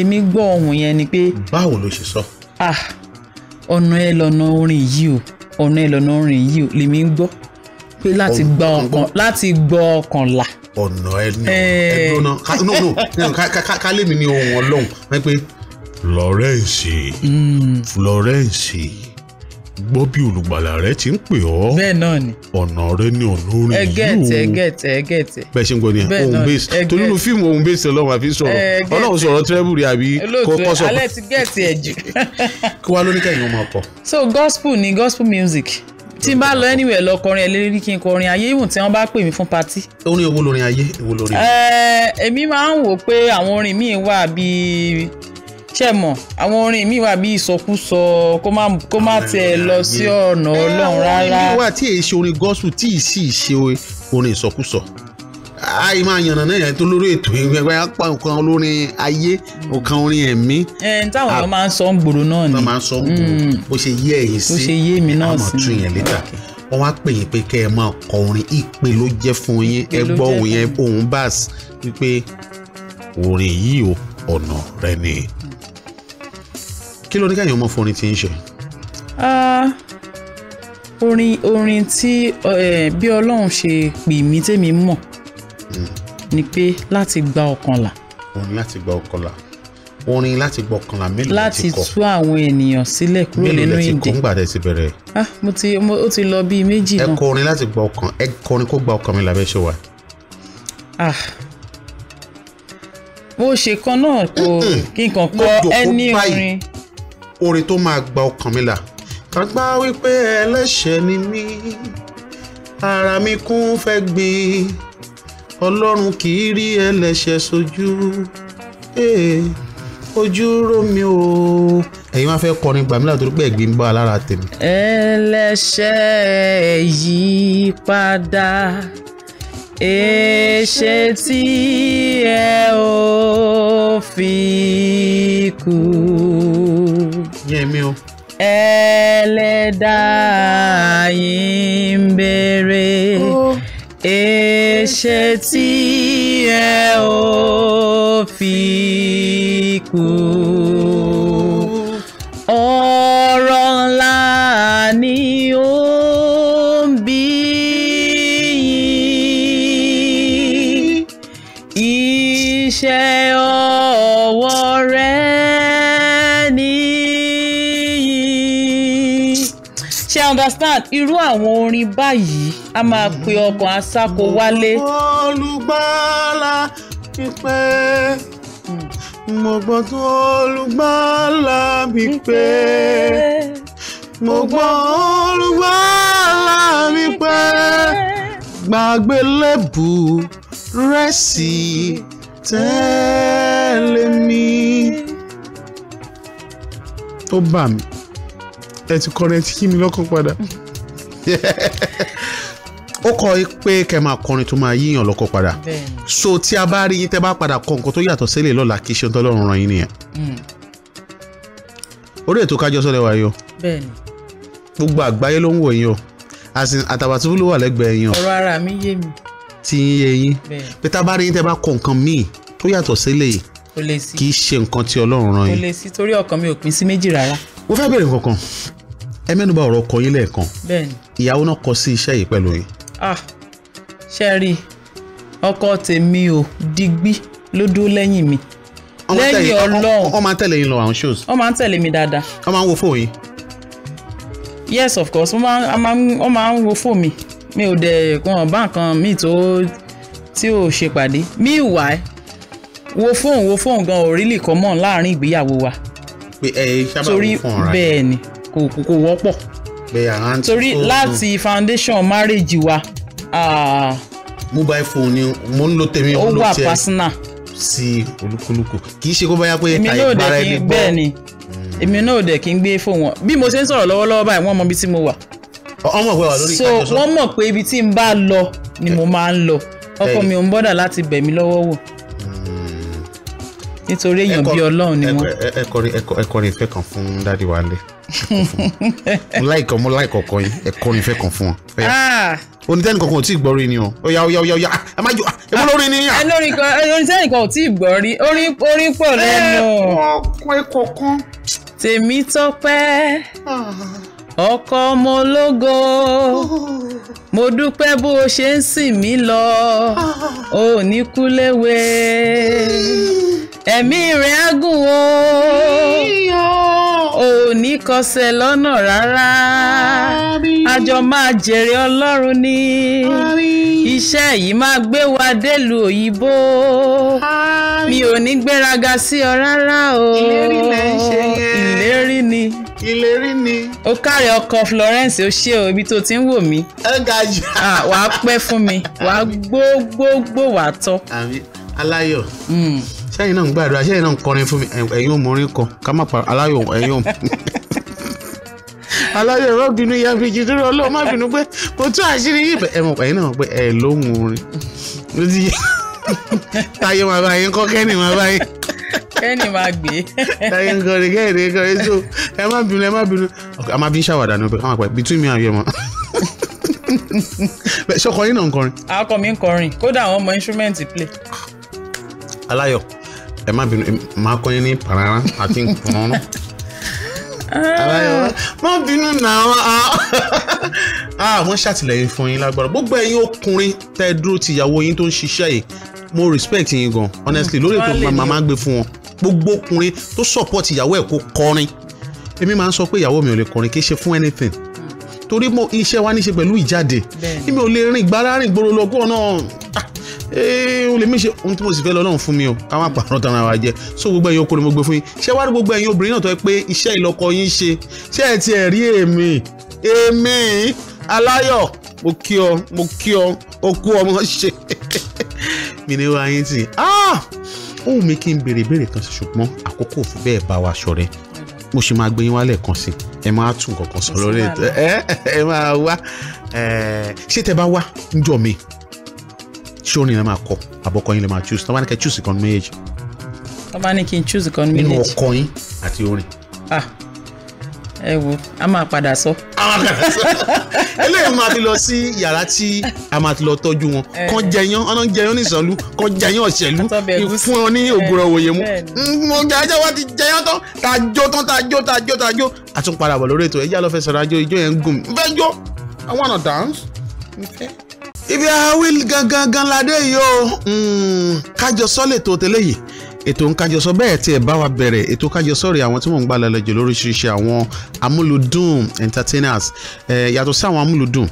Speaker 2: èmi gbọ́ ohùn yẹn ni pé. báwo ló ṣe sọ. So? ah ọ̀nà ẹ lọ́nà orin yìí o ọ̀nà ẹ lọ́nà orin yìí o lèmi ń gbọ́ pé láti gbọ́ ọkàn láti gbọ́ ọkàn là. ọ̀nà ẹ ní ọ̀nà ẹ gbọ́nà ká lèmi ní ohun ọlọ́run pé Florence mm.
Speaker 1: Florence gbọ́ bí olùgbàlà rẹ ti ń pè ọ́. bẹ́ẹ̀ náà ni. ọ̀nà rẹ ni ọ̀nà orin yìí o. ẹgẹ́tẹ̀
Speaker 2: ẹgẹ́tẹ̀ ẹgẹ́tẹ̀.
Speaker 1: bẹ́ẹ̀ ṣe ń gbọ́ ni ohun base torí inú fíìmù ohun base ọlọ́run àfi sọ̀rọ̀ ọlọ́run sọ̀rọ̀ tírẹ́bùrì àbí kọ́kọ́ alẹ́
Speaker 2: ti gẹ̀ẹ́tì ẹ̀ jù. kí wàá lóníkà yìí wọ́n máa so gospel ni gospel music tí n bá lọ anywhere lọ kọrin ẹlẹ́rìí kí n kọrin ayé ìwọ̀n tí wọ́n bá pè mí fún patí. orin èwo lórin ayé èwo lórin. èmi máa ń wò pé àwọn orin míì wà bíi ṣe mọ̀ àwọn orin mi wà bí ìsọkúsọ kó má tiẹ̀ lọ sí ọ̀nà ọlọ́run rárá. àwọn orin mi wà tí
Speaker 1: èyí ṣe orin gospel tí ì sì ṣe orin ìsọkúsọ
Speaker 2: àì máa yànnà náà yẹn
Speaker 1: tó lórí ètò ìgbẹ́ apá nǹkan olórin ayé nǹkan orin ẹ̀mí. ẹ n táwọn ọ̀rọ̀ máa ń sọ
Speaker 2: ń gbòòrò náà ni. wọ́n máa ń sọ ń gbòòrò mm. bó ṣe yé ẹ̀yìn sí bó ṣe yé mi náà sí àmọ̀ tún
Speaker 1: yẹn lẹ́tà wọ́n wá pè yín pé kẹ́ ẹ máa kọ orin ìpè ló jẹ́ fún yín ẹ gbọ́ òun yẹn òun bá wípé orin yìí ò ọ̀nà rẹ nìyí kí ló ní káyọ̀ ọmọ forin ti ń ṣe.
Speaker 2: orin orin tí bí ọlọ́run ṣe pè mí tèmi mọ̀ hmm. ni pé láti gba ọkàn là.
Speaker 1: orin láti gba ọkàn là orin láti gba ọkàn mélòó láti kọ láti
Speaker 2: tú àwọn ènìyàn sílẹ̀ kúrò nínú ìdè mélòó láti kọ ńgbà rẹ ti bẹ̀rẹ̀. ah mo ti mo ó ti lọ bíi méjì náà. ẹ kọ orin láti gba ọkàn ẹ kọ orin kó gba ọkàn mi làbẹ́ ṣe wà. ah bó ṣe kan náà kò kí n kàn kọ ẹni orin
Speaker 1: oore tó máa gba ọkàn mi là kàgbá wípé ẹlẹ́ṣẹ̀ ni mí ara mi kún fẹ́ gbin ọlọ́run kì í rí ẹlẹ́ṣẹ̀ sojú eh, ojú ró mi o. ẹ̀yin máa fẹ́ kọrin gbàmílà torí pé ẹ̀gbìn bá a lára tèmi. ẹlẹ́ṣẹ̀
Speaker 2: yí padà èṣe tí ẹ ò fi kú yẹn mi o. ẹlẹ́dàá yìí ń èṣe tí ẹ ò fi kú. irú àwọn orin báyìí a máa pe ọkàn asáko wálé. olùgbàlà mi pé mo gbọ́ tó olùgbàlà
Speaker 1: mi pé mo gbọ́ olùgbàlà mi gbàgbé lẹ́bù rẹ̀ tẹ́lẹ̀ mi. ó bà mí ẹ ti kọrin ẹ ti kí mi lọ́kàn padà ó kọ pé kẹ máa kọrin tó máa yíyàn lọ́kọ̀ padà so tí a bá rí yín tẹ́ bá padà kọ nǹkan tó yàtọ̀ sílẹ̀ lọ́la kì í ṣe tọ́lọ́run ran yín nìyẹn hmm. orí ètò kájọ sọ́lẹ̀ wa yìí o gbogbo àgbáyé ló ń wò yín o àtàbàtúbú ló wà lẹ́gbẹ̀ẹ́ yín o ọ̀rọ̀
Speaker 2: ara mi yé mi
Speaker 1: ti yín yé yín pé tá a bá rí yín tẹ́ bá kọ nǹkan míì tó yàtọ̀ sílẹ̀ kì í ṣe nǹkan tí ọlọ́run ran yín. kò
Speaker 2: lè sí torí ọkàn mi ò pín sí méjì rárá.
Speaker 1: mo fẹ́ bèèrè kankan ẹ mẹ́nuba ọ̀rọ̀ ọkọ yín lẹ́ẹ̀kan. bẹ́ẹ̀ni ìyàwó náà kọ sí iṣẹ́ yìí pẹ̀lú yìí.
Speaker 2: ah ṣe rí ọkọ tèmi ò digbí ló dúró lẹ́yìn mi lẹ́yìn ọlọ́run. wọ́n máa ń tẹ̀lé yín lọ àwọn shows. wọ́n máa ń tẹ̀lé mi dáadáa. wọ́n máa ń wo fóònù yín. yes of course wọ́n máa ń wo fóònù mi mi ò dẹ̀ wọn bá nǹkan míì tó tí ò ṣe pàdé meanwhile wo fóònù wo fóònù gan ò rí lè kọ́ mọ́ láàrin ìgbéyàwó wa. pé ẹ ṣábà wo fóònù rà torí bẹ́ẹ̀ ni kò kò wọ́pọ̀ pé àrántí fóònù. torí láti mm. foundation marriage wa. Uh, ah, mobile phone ni mo ń lo tèmi òun ló tiẹ̀ ó wà personal.
Speaker 1: sí olúkúlùkù
Speaker 2: kì í ṣe kó báyà pé àìbára ẹni gbọ́ bẹ́ẹ̀ ni mm. èmi náà ò dẹ̀ kí n gbé fóònù wọn bí mo ṣe ń sọ̀rọ̀ lọ́wọ́lọ́wọ́ báyìí wọ́n mọ ibi tí mo wà. ọmọ ìwé wà lórí ìtajọsọ. so wọ́n mọ̀ pé ibi tí n bá lọ ni mo máa ń lọ ọkọ mi ò ń bọ́dà láti bẹ̀ mí lọ́wọ́ wò nítorí èèyàn
Speaker 1: bíi ọlọ́run ni wọ́n. ẹ kọrin ìfẹ́ kan fún dádì wa lẹ̀ mo láìkọ mo láìkọ kọ yín ẹ kọrin ìfẹ́ kan fún wọn. Ah! onítẹ́ni kankan ò tí ì gbọ́ orin ni o ó yá ó yá ó yá ẹ má jọ ah,
Speaker 2: ẹ mú lórí ni. Ah. onítẹ́ni kan ò tí ì gbọ́ rí orin pọ̀ lẹ́nu. ẹ kọ̀ọ̀kan. Tèmítọ́pẹ́ ọkọ ọmọ ológo. Oh mo dúpẹ́ bó o ṣe ń sìn mí lọ ah. o ò ní kú léwe ẹ̀mí rẹ̀ á gùn o ò ní kọsẹ̀ lọ́nà rárá a máa jèrè ọlọ́run ní iṣẹ́ yìí máa gbé wa délùú òyìnbó mi ò ní gbéraga sí ọ rárá o ìlérí ni ìlérí ni. ó káre ọkọ Florence ó ṣe o ibi tó ti ń wò mí. ẹ ga aláyọ̀. wà á pẹ́ fún mi wà á gbógbógbó wà á tọ́. àmín aláyọ̀ sẹ́yìn hmm. náà ń gbàdúrà
Speaker 1: sẹ́yìn náà ń kọrin fún mi ẹ̀yin ò mọrin kọ ká má pa aláyọ̀ ẹ̀yin ò aláyọ̀ ẹ̀rọ bínú ya bíi jìdúró ọlọ́run má bínú pé mo tún àṣírí yìí bẹ̀ ẹ̀mọ̀ ẹ̀yin náà pé ẹ̀ ló ń orin ló ti yẹ táyé máa bá yín kọ́ kẹ́ni máa bá yín kẹ́ni máa gbé. táyé ń kọrin kẹ́ni kọrin so ẹ má bínú ẹ má bínú a máa bí ń ṣàwàdà ní ọbẹ̀ ká máa pẹ́ between me and you ẹ̀ mọ́ ṣọkọ yín náà ń kọrin.
Speaker 2: akọ ah, mi ń kọrin kódà àwọn ọmọ instrument play.
Speaker 1: aláyọ̀ ẹ má bínú máa kọ́ yín ní parara àti nkùnrán. aláyọ̀ má bínú náà àwọn ah, ṣàtìlẹ́yìn fún yín lágbára gbogbo ẹ̀yin ọkùnrin tẹ́ dúró ti ìyàwó yín tó ń ṣiṣẹ́ yìí mo respect yín gan honestly lórí ètò màmá gbé fún wọn gbogbo ọkùnrin tó support ìyàwó ẹ̀ kó kọrin èmi máa ń sọ pé ìyàwó mi ò lè kọrin kì í ṣe fún anything torí mo iṣẹ́ wa níṣe pẹ̀lú ìjáde níbi ò lè rìn gbára gbòòrò lọ kó ọ̀nà ó lè mí ṣe ohun tí mo sì fẹ́ lọ́nà fún mi o káwọn àpàrọ̀ tara wa jẹ so gbogbo ẹ̀yin okòrò mo gbé fún yín ṣé wàá rí gbogbo ẹ̀yin obìnrin náà tó yẹ pé iṣẹ́ ìlọ́kọ yín ṣe ṣé ẹ ti ẹ̀ rí èmi èmi aláyọ̀ mo kí ọ mo kí ọ o kú ọmọ ṣe mi ni wàá yín tì ohun ah! mi kí n béèrè ìbéèrè kan sí ṣùgbọ́n àkókò ò bẹ́ẹ̀ bá wa ṣọ̀rẹ́ mo sì máa gbé yín wálẹ̀ kan sí i ẹ máa tún kankan sọ lórí ètò ẹ ẹ máa wá ṣé tẹ bá wá níjọ mi ṣé orin yẹn máa kọ àbọkọ yín lè máa choose tọ́ba ní kẹ́ choose ìkànnì méjèèjì.
Speaker 2: tọ́ba ní kí n choose ìkànnì méjèèjì. nínú ọkọ yín àti orin. ah ẹ wo a máa padà sọ.
Speaker 1: a máa padà sọ eléyìí máa ti lọ sí yàrá tí a máa ti lọ tọ́jú wọn kàn jẹyàn ọ̀nà jẹyàn nìsanlú kàn jẹyàn ọ̀sẹ̀lú fún ọ ní ògùrọ̀ òwòye mu mo jẹ́ wá ti jẹyàn tán tá a jó tán tá a jó tá a jó tá a jó a tún padà bọ̀ lórí ètò ẹ̀jẹ̀ lọ́fẹ́ sọ̀rọ̀ àjò ìjó yẹn ń gùn mi fẹ́ jó I wanna dance ibi àwìn gangan gan ládé yìí o hmm, kájọ sọ́lẹ̀ tó tẹ́lẹ̀ yìí ètò ńkájọsọ bẹ́ẹ̀ tí ẹ bá wa bẹ̀rẹ̀ ètò kájọsọ rẹ̀ àwọn tí mò ń gbà lálejò lóríṣiríṣi àwọn amúlùdùn entertainers yàtọ̀ sí àwọn amúlùdùn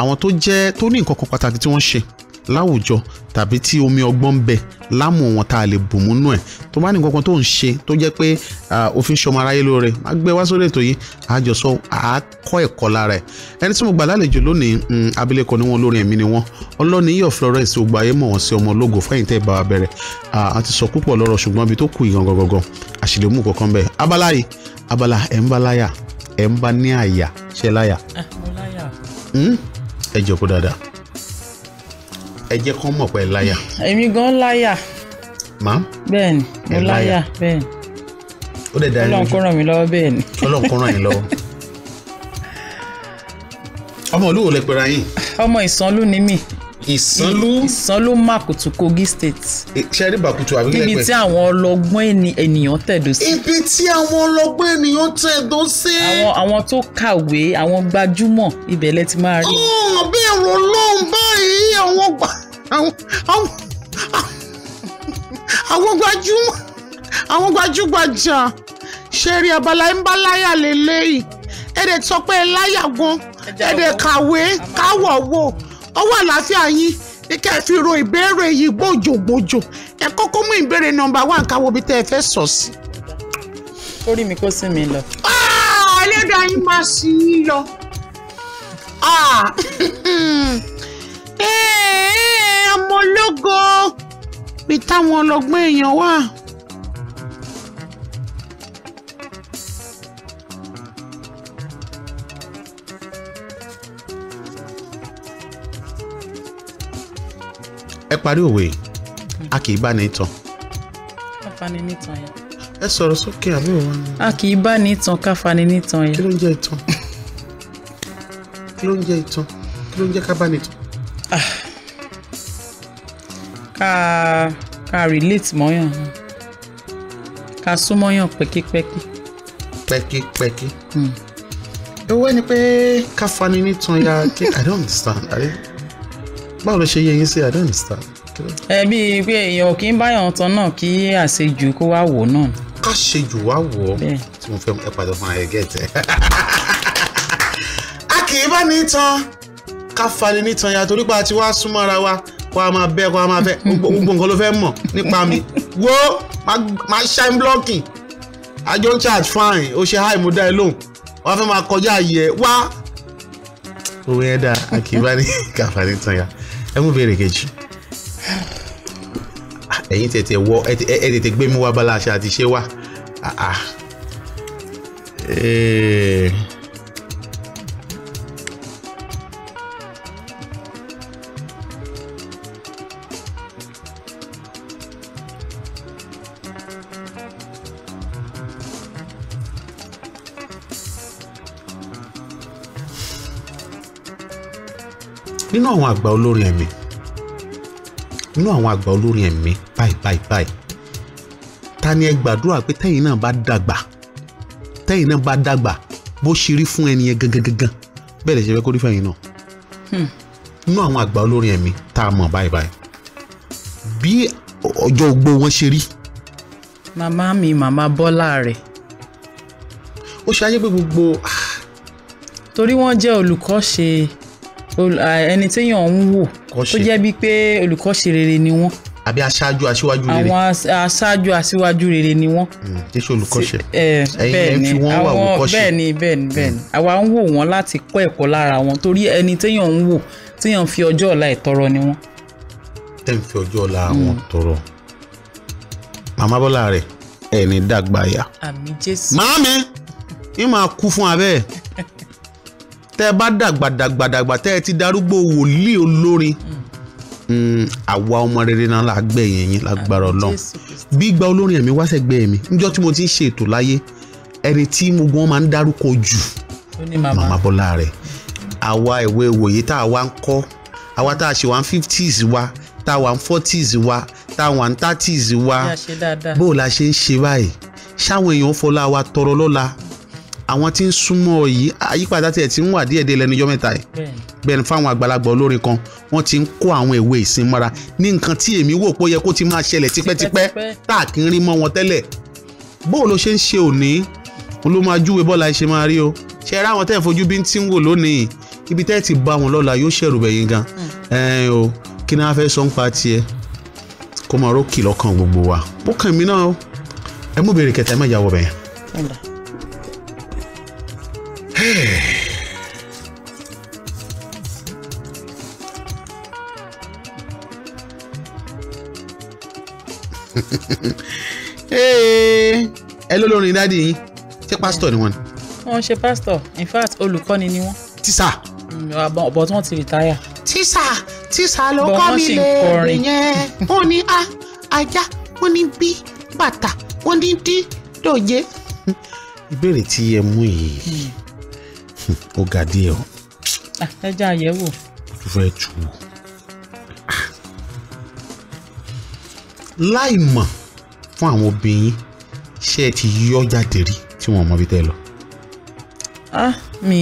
Speaker 1: àwọn tó jẹ́ tó ní nǹkan kan pàtàkì tí wọ́n ṣe láwùjọ tàbí tí omi ọgbọ́n ń lámù wọn tá a lè bù múnú ẹ̀ tó bá ní nǹkan kan tó ń ṣe tó jẹ́ pé òfin ṣọmọ aráyé lóore má gbé wá sórí ètò yìí àjọsọ àkọ́ ẹ̀kọ́ lára ẹ̀ ẹni tí mo gbà lálejò lónìí mm, abilékọ ni wọn lórí ẹ̀mí ni wọn ọlọ́ni iyọ̀ Florence ogbà ayé mọ̀ wọ́n sí ọmọ ológo fẹ́yìn tẹ́ bá wa bẹ̀rẹ̀ a ti sọ púpọ̀ lọ́rọ̀ ṣùgbọ́n ibi tó kù ìgangangangan àṣìlè mú kankan bẹ́ẹ̀ abala yìí abala ẹ̀ ń bá láyà ẹ jẹ́ kán mọ̀ pé ẹ láyà.
Speaker 2: èmi gan láyà. má. bẹ́ẹ̀ni mo láyà bẹ́ẹ̀ni.
Speaker 1: ó lè darí lójú Ọlọ́run kó
Speaker 2: ràn mí lọ́wọ́ bẹ́ẹ̀ni. Ọlọ́run kó ràn yín lọ́wọ́. ọmọ olúwo lè pera yín. ọmọ ìsanlú ni mí. ìsanlú. ìsanlú makutu Kogi State. sẹ́rí bàkútù àbí lẹ́pẹ́. níbi tí àwọn ọlọ́gbọ́n ènìyàn tẹ̀dó sí. ibi tí àwọn ọlọ́gbọ́n ènìyàn tẹ̀dó sí. àwọn àwọn tó kàwé àwọn gbajúmọ̀ ibẹ̀ lẹ ti máa rí. ọ̀ bẹ́ẹ̀ rọ̀ lọ́n báyìí àwọn gbà àwọn àwọn
Speaker 1: àwọn gbajúmọ̀ àwọn gbajúgbajà ṣeré abala ń bá láyà lélẹ́yìí ẹ̀rẹ̀ sọ pé ẹ láyà gan ẹ̀rẹ̀ kàwé káwọ̀ wò ó wà láfíà yín ní ká ẹ fi ro ìbéèrè yìí gbòjògbòjò
Speaker 2: ẹ kọ́kọ́ mú ìbéèrè nọ́mbà wà ń bí tẹ́ ẹ fẹ́ sọ sí. orí mi kò sí mi lọ. Ah, ẹlẹ́dàá yín máa sì í ah, lọ. Eh, ọmọ ológo
Speaker 1: bí táwọn ọlọ́gbọ́n èèyàn wà. ẹ parí òwe a kì í bá ní tàn.
Speaker 2: káfani nítàn yẹn. ẹ sọ̀rọ̀ sókè àbí òun. a kì í bá ní tàn káfani nítàn yẹn. kí ló ń jẹ́ ìtàn kí ló ń jẹ́ ìtàn kí ló ń jẹ́ ká bá ní tàn. Ah, ká ká relate mọ́yàn ká súnmọ́yàn pẹ́kípẹ́kí. pẹ́kípẹ́kí. Hmm. ewé ni pé ká fani nítan ya
Speaker 1: kí i don't understand báwo ló ṣe yé yín sí i don't understand.
Speaker 2: ẹbí pé èèyàn kì í báyọ̀ tán náà kí àṣejù kó wá wò náà. ká ṣejù wá wò ó
Speaker 1: tí mo fẹ́ ẹ padà fún ayẹyẹ tẹ. a kì í bá ní tan ká fani nítan ya torí pé a wá súnmọ́ ara wa kó a máa bẹ́ kó a máa fẹ́ gbogbo nǹkan ló fẹ́ mọ̀ nípa mi wo máa shine blocking àjọ ń charge fine ó ṣe high mo dá ẹ lóhùn wọ́n á fẹ́ máa kọjá ààyè ẹ wá. owó yẹn dáa àkìbá ní kàfàní tán ya ẹ mú béèrè kejì ẹ̀yin tètè wọ ẹ tètè gbé mi wá bala àti ṣé wá. Ah, ah. nínú àwọn àgbà olórin ẹ̀mí nínú àwọn àgbà olórin ẹ̀mí báyìí báyìí báyìí ta ni ẹ gbàdúrà pé tẹ́yìn náà bá dàgbà tẹ́yìn náà bá dàgbà bó ṣe rí fún ẹni yẹn gangan gangan bẹ́ẹ̀ lè ṣe fẹ́ kó rí fẹ́yìn náà hmm. nínú àwọn àgbà olórin ẹ̀mí tá a mọ̀ báyìí báyìí bí ọjọ́ ogbó wọn ṣe rí.
Speaker 2: màmá mi màmá bọ́lá rẹ̀. ó ṣe ayé pé gbogbo. Ah, torí wọ́n jẹ́ olùkọ́ṣe ẹni téèyàn ń wò tó jẹ́ bíi pé olùkọ́ṣe rere ni wọ́n àbí aṣáájú aṣíwájú rere àwọn aṣáájú aṣíwájú rere ni wọ́n. tí hmm, ṣe olùkọ́ṣẹ́ ẹ̀yin ẹ̀ fi wọ́n wà olùkọ́ṣẹ́. bẹ́ẹ̀ ni bẹ́ẹ̀ ni bẹ́ẹ̀ ni hmm. àwa ń wò wọ́n láti kọ́ ẹ̀kọ́ lára wọn torí ẹni téèyàn ń wò téèyàn fi ọjọ́ ọ̀la ẹ̀ tọrọ ni wọ́n.
Speaker 1: tẹ́ ń fi ọjọ́ ọ̀la hmm. wọn tọrọ. màmá bọ́lá rẹ̀ ẹ̀ ní dàgbà yá.
Speaker 2: àmín jésù. màámi
Speaker 1: ń máa fún abẹ́ tẹ́ ẹ bá dàgbà dàgbà dàgbà tẹ́ ẹ ti darúgbó wòlíì olórin hmm, àwa ọmọ rere náà la gbẹ̀yìn yín lágbára ọlọ́run gbígba olórin ẹ̀mí wá sẹ́gbẹ́ mi níjọ́ tí mo ti ń ṣe ètò láyé ẹni tí mo gbọ́n máa ń dárúkọ jù màmá bọ́lá rẹ̀ àwa ìwé ìwòye tá a wá ń kọ́ àwa tá a ṣe wá ń fifties wa tá a wá ń forties wa tá a wá ń thirties wa bó o la ṣe ń ṣe báyìí ṣáwọn èèyàn fọlá wa tọrọ lọ́la àwọn tí ń súnmọ́ ọ yìí àyípadà tiẹ̀ ti ń wà díẹ̀díẹ̀ lẹ́nu ọjọ́ mẹ́ta yìí bẹ́ẹ̀ ni fáwọn àgbàlagbà olórin kan wọ́n ti ń kó àwọn ìwé ìsìn mọ́ra ní nǹkan tí èmi wò pé ó yẹ kó ti máa ṣẹlẹ̀ tipẹ́tipẹ́ tá à kí ń rí mọ́ wọn tẹ́lẹ̀ bóò ló ṣe ń ṣe òní ló máa júwe bọ́lá ṣe máa rí o ṣe ra àwọn tẹ́ ẹ̀ fojú bí ń tí ń wò lónìí ibi tẹ́ ẹ̀ ti bá wọn lọ́la yóò ṣẹ̀rù bẹ̀yìn gan hmm. ẹ̀ẹ́n o kí ni wọ́n fẹ́ sọ ń pa tiẹ̀ kó Pere. ẹ ló lórin dáàdi yín ṣé pásítọ̀ ni wọ́n ni.
Speaker 2: wọ́n ṣe pásítọ̀ in fact olùkọ́ni ni wọ́n. tíṣà. Mm, but wọ́n ti rìtáyà. tíṣà tíṣà ló kọ́ mi lè yẹn wọ́n ní a ah,
Speaker 1: ajá wọ́n ní bí bàtà wọ́n ní dí dòye. ìbéèrè tí ẹ mú yìí. Hmm ó ga díẹ̀ o.
Speaker 2: Ah, ẹja àyẹ̀wò.
Speaker 1: ojú fẹ́ tu o. láì mọ̀ fún àwọn obìnrin ṣé ẹ ti yọ jáde rí tí wọ́n mọ ibi tẹ́ lọ.
Speaker 2: ah mi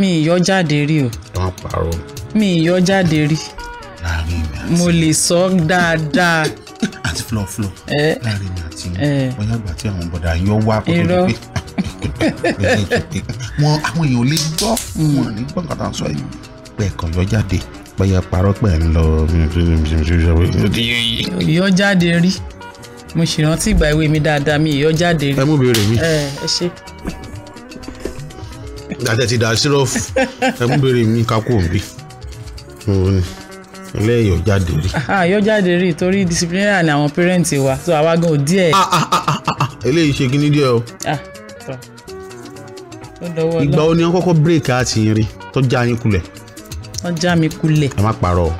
Speaker 2: mi yọ jáde rí o. wọ́n parọ́. mi yọ jáde rí. láàrin mi àti. mo lè sọ dáadáa.
Speaker 1: àti fúlọ̀fúlọ̀ eh, láàrin mi àti ọ̀yàgbà eh. tí àwọn bọ̀dà yọ wá kó tó di pé ẹ̀yìn ìṣètè wọn àwọn èèyàn ò lè gbọ́ wọn ní gbọ́ nǹkan tá à ń sọ yìí pẹ̀ kàn yọ jáde pẹ̀yẹ parọ́ pẹ̀ ń lọ. ìyọ mm, mm,
Speaker 2: mm, jáde rí mo sì rántí ìgbà èwe mi dáadáa mi ìyọ jáde rí. ẹ mú béèrè mi. ẹ ẹ ṣe.
Speaker 1: àti ẹtì dà sírọ́ọ̀fù ẹ mú béèrè mi kakú òǹbí ilé ìyọ jáde rí.
Speaker 2: ìyọ jáde rí torí disciplinary ni àwọn pẹ́rẹ́ǹtì wa so àwa gan ò díẹ̀. Ah, ah, ah, eléyìí ṣe kíní díẹ̀ o ìgbà wo
Speaker 1: ni wọ́n kọ́kọ́ bírèkì àti irin tó já yín kulẹ̀.
Speaker 2: wọ́n já mi kulẹ̀. ẹ má parọ́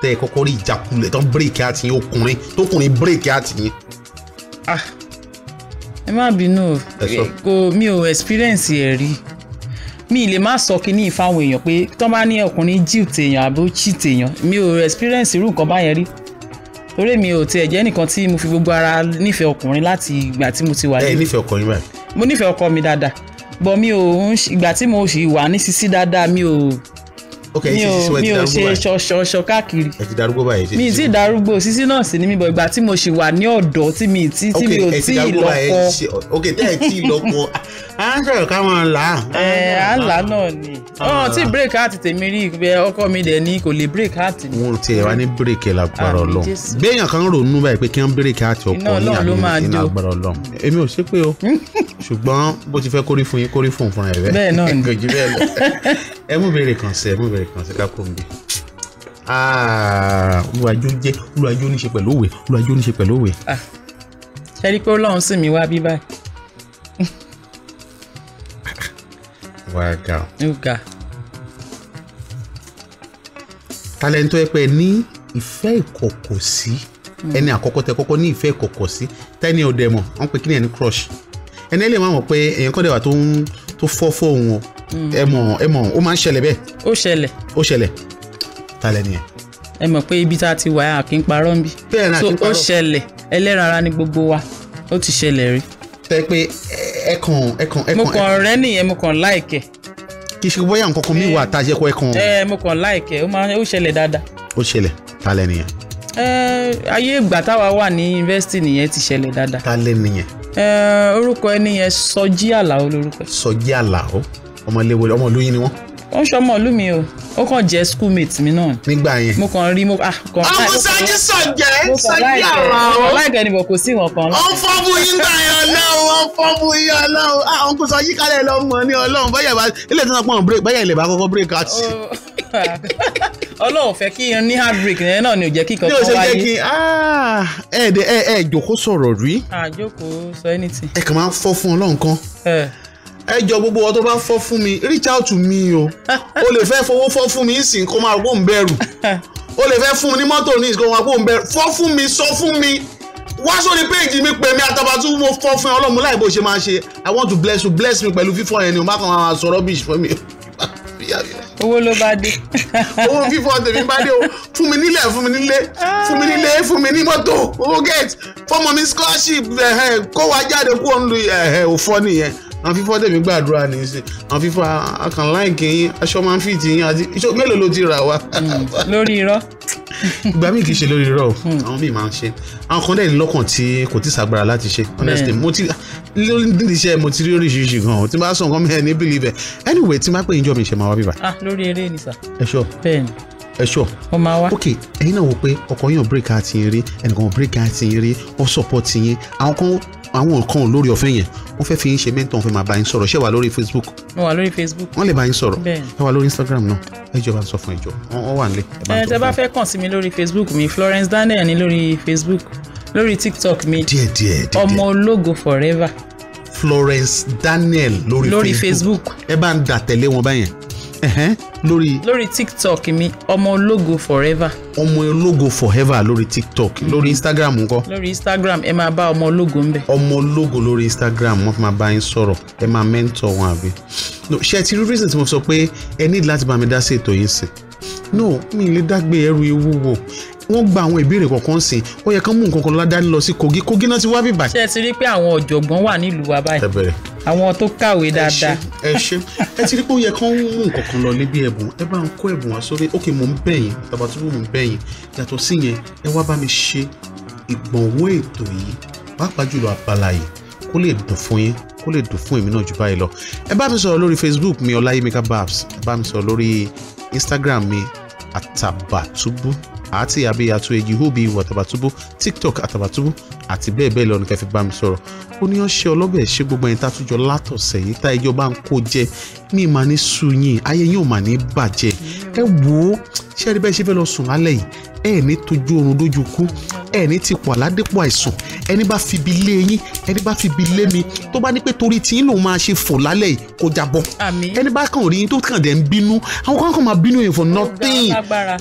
Speaker 2: tẹ́ ẹ kọ́kọ́ rí ìjákulẹ̀ tó bírèkì àti
Speaker 1: yín ọkùnrin tó kùnrin bírèkì àti yín. ah
Speaker 2: ẹ má bínú kò mi ò experience ẹ̀ rí mi lè má sọ kíní ìfáwọn èèyàn pé tó bá ní ọkùnrin jíù tèèyàn àbí ó chí tèèyàn mi ò experience irú nǹkan báyẹn rí torí mi ò tiẹ̀ jẹ́ nìkan tí mo fi gbogbo ara nífẹ̀ẹ́ ọkùnrin láti ìgbà tí mo ti wà ní. ẹ nífẹ̀ẹ́ ọkọ yín báyìí. mo nífẹ̀ẹ́ ọkọ mi dáadáa bọ̀ mi ò ìgbà tí mo sì wà ní sisi dáadáa mi ò mi ò mi ò ṣe
Speaker 1: ṣọṣọṣọ káàkiri mi ti
Speaker 2: darúgbó sísí náà sí ni mi bọ̀ ìgbà tí mo ṣì wà ní ọ̀dọ́ tí mi ti tí mi ò tí ì lọ́kọ. ok tẹ́ ẹ tí ì lọ́kọ à ń sọ̀rọ̀ káwọn là á. ẹ à ń là á náà ni ọ̀hún tí break heart tèmi rí ọkọ mi dẹ̀ ni kò lè break heart mi. wọn ò tiẹ̀ wá ní break ẹ̀
Speaker 1: lágbára Ọlọ́run béèyàn kan ronú báyìí pé kí wọ́n break heart ọkọ ní àná ní agbára Ọlọ́run èmi ò ṣépè o ṣùgbọ́n bó ti fẹ́ kórí fún yín kórí fún fúnra ẹ̀ bẹ́ẹ̀ náà ni ẹ mú bèrè kàn sí ẹ mú bèrè kàn sí kákó mi olùwàjò jẹ olùwàjò níṣe pẹ̀lú òwe olùwàjò níṣe pẹ̀lú òwe.
Speaker 2: Ah, ṣe rí i pé ọlọ́run sì mí wá bí báyìí.
Speaker 1: wà á ga ọ. ga. talento ẹ pé ní ìfẹ́ ìkọ̀kọ̀ sí hmm. ẹni àkọ́kọ́ tẹ kọ́kọ́ ní ìfẹ́ ìkọ̀kọ̀ sí tẹ́ni ọ̀dẹ̀ mọ̀ wọ́n pe kí ni ẹni crush ẹni ẹ lè má mọ̀ pé èèyàn kọ́ dẹ̀ wà tó fọ́ fóun o Mm. ẹ mọ̀ ẹ mọ̀ ó máa ń ṣẹlẹ̀ bẹ́ẹ̀.
Speaker 2: ó ṣẹlẹ̀. ó ṣẹlẹ̀ ta lẹ nìyẹn. ẹ mọ̀ pé ibi tá a ti wà á kì í parọ́ níbí. bẹ́ẹ̀ náà kì í parọ́. so ó ṣẹlẹ̀ ẹlẹ́rara ni gbogbo wa ó ti ṣẹlẹ̀ rí. tẹ pé ẹ kàn ẹ kàn ẹ kàn. mo kàn rẹ nìyẹn mo kàn láìkẹ. kì í ṣe bóyá nǹkan kan mi wà tá a jẹ́ kó ẹ kàn. ẹ eh, mo kàn láìkẹ ó máa ó ṣẹlẹ̀ dáadáa. ó ṣẹlẹ̀ ta lẹ nìyẹn. ẹ eh, ayé ìgbà táwa wà ní yunifásitì nìyẹn ti ṣẹlẹ̀ dáadáa. ta lẹ nìyẹn. ẹ eh, orúkọ ẹni yẹn Sọjí Àlàó lórúkọ. Sọjí Àlàó ọmọ ilé wọlé ọmọ ìlú yín ni wọ́n. wọ́n ṣe ọmọ ìlú mi o ó kàn jẹ́ schoolmate mi náà. nígbà yẹn mo kàn rí mo ah kàn láì. àwọn sáyé sọ̀jẹ́ sọ̀jẹ́ àrà o. láìpẹ́ ni bò kò sí ìwọ̀n kan. ó fọ́ bu yín ọlọ́run ó fọ́ bu
Speaker 1: yín ọlọ́run àwọn kò sọ yí lọ́mọ ní ọlọ́run báyà ilé tí wọ́n pọ̀ báyà ilé bá kọ́kọ́ break out oh,
Speaker 2: ọlọ́run fẹ́ kí n ní heartbreak yẹn náà ni ò jẹ́ kí kankan wáyé. ní o ṣe jẹ́
Speaker 1: kí ah, ẹ ẹ jọ gbogbo ọ bá fọ́ fún mi reach out to me o o lè fẹ́ fowó fọ́ fún mi ìsìn kó máa kó ń bẹ̀rù o lè fẹ́ fún mi ní mọ́tò ní ìsìn kó máa kó ń bẹ̀rù fọ́ fún mi sọ fún mi wá sórí péèjì mi pè mí àtàbàtú mo fọ́ fún ẹ ọlọ́mú láì bó ṣe máa ṣe i want to bless you bless me pẹ̀lú fífọ́ yẹn ni o má kàn máa sọ rubbish fún mi owó ló bá dé. owó fífọ tèmi bá dé o fún mi nílẹ̀ fún mi nílé fún mi nílé fún mi ní mọ́tò owó gate fọmọ mi scholarship kó wa jáde kó ń lu òfò nìyẹn àwọn fífọ́ tèmi gbàdúrà ní í sìn àwọn fífọ́ akàn láìkì yín aṣọ máa ń fìtì yín àti iṣẹ́ mélòó ló ti rà wá. Hmm, lórí irọ́. ìgbà míì kì í ṣe lórí irọ́ o hmm. àwọn míì máa ń ṣe àwọn kan dẹ̀ ní lọ́kàn tí kò tí sàgbára láti ṣe honestly mo ti nídìí iṣẹ́ mo ti rí oríṣiríṣi gan o tí bá sọ nǹkan mẹ́rin ní believe anyway tí má pè yín jọ mi ṣe máa wá bíbá.
Speaker 2: ah lórí eré ni sà. ẹ
Speaker 1: ṣọ bẹ́ẹ̀ ni ẹ ṣọ. ó máa wá. ok ẹ̀yin náà wò pé ọkọ yín ò break àti yín rí ẹnìkan ò break àti yín rí ó support yín àwọn kan àwọn kan lórí ọ̀fẹ́ yẹn wọ́n fẹ́ fi ń ṣe mẹ́ńtọ̀ wọ́n fẹ́ máa bá yín sọ̀rọ̀ ṣé wà lórí facebook.
Speaker 2: wọ́n wà lórí facebook.
Speaker 1: wọ́n lè bá yín sọ̀rọ̀ ẹ wà lórí instagram náà ẹ jọ bá ń sọ fún ìjọ
Speaker 2: wọ́n wà nílé. ẹ tẹ bá fẹ́ kàn sí mi lórí facebook mi florence daniel ni lórí facebook lórí tiktok mi díẹ̀ díẹ̀ díẹ̀ ọmọ ológo forever. florence daniel lórí facebook ẹ bá ń dà tẹ̀lé wọn báyẹn lórí. lórí tiktok mi ọmọ ológo forever. ọmọ ológo forever lórí tiktok mm-hmm. lórí instagram ńkọ́. lórí instagram ẹ máa bá ọmọ ológo ńbẹ. ọmọ ológo lórí instagram wọ́n fi máa
Speaker 1: bá yín sọ̀rọ̀ ẹ máa mẹ́ńtọ̀ wọn àbí. ṣé ẹ ti rí reason tí mo sọ pé ẹ ní láti bá mi dá sí ètò yìí sìn no mi lè dágbé ẹrù ewu wò wọ́n gba àwọn ìbéèrè kọ̀ọ̀kan sí ó yẹ kán mú nǹkan kan ládàá lọ sí kogi kogi náà ti wá bíbà. ṣé ẹ ti rí pé àwọn ọ̀jọ̀gbọ́n wà nílùú wa báyìí. ẹ bẹ̀rẹ̀ àwọn tó kàwé dáadáa. ẹ ṣe ẹ ti rí pé ó yẹ kán mú nǹkan kan lọ lébi ẹ̀bùn ẹ bá ń kó ẹ̀bùn wá sórí ókè mò ń bẹ̀ yín Tabatúbú mò ń bẹ̀ yín yàtọ̀ sí yẹn ẹ wá bá mi ṣe ìgbọ̀nwó ètò yìí pàápàá jùlọ abala yìí kó lè dùn fún yín kó lè dùn fún èmi náà jù báyìí lọ ẹ bá mi sọ̀rọ̀ lórí Facebook mi Ọláyímíkà Babs ẹ bá mi sọ̀rọ̀ lórí Instagram mi Àtàbàtúbú àti àbí àtò èjì hóbi ìwà Àtàbàtúbú tiktok Àtàbàtúbú àti bẹ́ẹ̀ bẹ́ẹ̀ lọ ní kẹfì bá mi sọ̀rọ̀ ó ní ọ̀ṣẹ́ ọlọ́bẹ̀ ṣé gbogbo ẹ̀yin tátújọ látọ̀sẹ̀ yìí tá ẹjọ́ bá ń kó jẹ mí máa ní sùn ayé yín máa ní bàjẹ́ ẹ wò ó ṣẹ́ẹ́rì bẹ́ẹ̀ ṣe fẹ́ lọ sùn lálẹ́ yìí ẹ ní tójú oorun dójú kú ẹ ní ti pọ̀ aládépọ̀ àìsàn ẹni bá fibi lé yín ẹni bá fibi lé mi tó bá ní pé torí tí lòun máa ṣe fò lálẹ́ yìí kó jábọ́ ẹni bá kàn rí yín tó kàn dẹ̀ ń bínú àwọn kan kàn máa bínú yín for nothing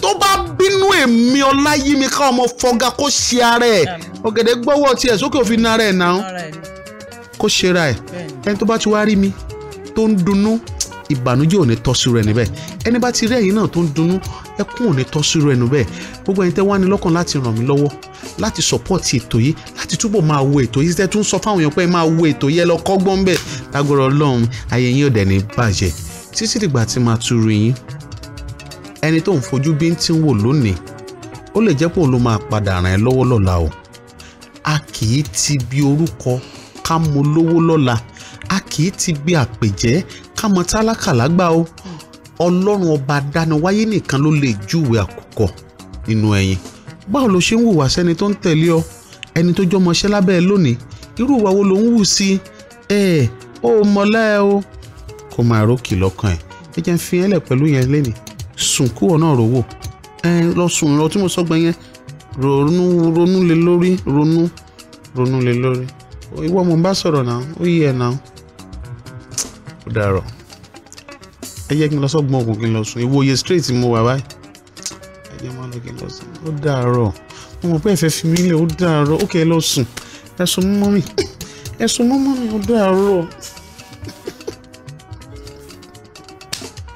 Speaker 1: tó bá bínú èmi mi ká ọmọ fọgá kó ṣe ara ẹ̀ ọ̀gẹ̀dẹ̀ gbọ́wọ́ tiẹ̀ sókè òfin náà rẹ̀ náà kó ṣera ẹ̀ ẹni tó bá ti wá rí mi tó ń dunnú ìbànújẹ́ ò ní tọ́ sí rẹ̀ níbẹ̀ ẹni bá ti rí ẹ̀yin náà tó ń dunnú ẹkún ò ní tọ́ sí rẹ̀ níbẹ̀ gbogbo ẹ̀yin tẹ́ wá ní lọ́kàn láti ràn mí lọ́wọ́ láti sọ̀pọ́ọ̀tì ètò yìí láti túbọ̀ máa wo ètò yìí tẹ́tún sọ fáwọn èèyàn pé máa wo ètò yìí ẹ lọ kọ́gbọ́n ń bẹ̀ lágbára Ọlọ́run ayé yín ò dẹ̀ ní bàjẹ́ títí dìgbà tí máa tu rí yín ẹni tó ń fojú bí ń tí ń wò lónìí ó lè jẹ́ pé òun ló máa padà ràn ẹ́ lọ́wọ́ lọ́la o a kì í ti bi orúkọ ká mo lówó lọ́la a kì í ti bi àpèjẹ́ ká mọ tálákà lágbà o ọlọ́run ọba dániwáyé nìkan ló lè júwe àkùkọ nínú ẹ̀yìn báwo ló ṣe ń hùwà sẹ́ni tó ń tẹ̀lé ọ ẹni tó jọmọṣẹ́ lábẹ́ ẹ lónìí irú ìwà wo ló ń hù sí ẹ ó mọlá ẹ o kó máa rókì lọ́kàn ẹ̀ ẹ jẹ́ ń fi ẹlẹ̀ pẹ̀lú yẹn lẹ́nìí sùn kúwọ̀ náà rówó ẹ lọ sùn lọ tí mo sọ gbẹ̀yẹn ronú ronú lé lórí ronú ronú lé lórí ìwọ mo bá sọ̀rọ̀ náà ó yẹ náà kò dàrọ̀ ẹ yẹ kí n lọ sọ́gbọ́n òkun kí n lọ sùn ìwòye straight mo wà báyìí ẹ jẹ́ máa lọ kí n lọ sùn ó dàrọ̀ mo mọ̀ pé ẹ̀fẹ́ fi mí lẹ̀ ó dàrọ̀ ó kẹ́ ẹ lọ sùn ẹ sùn mọ́ mọ́mì ẹ sùn mọ́ mọ́mì ó dàrọ̀.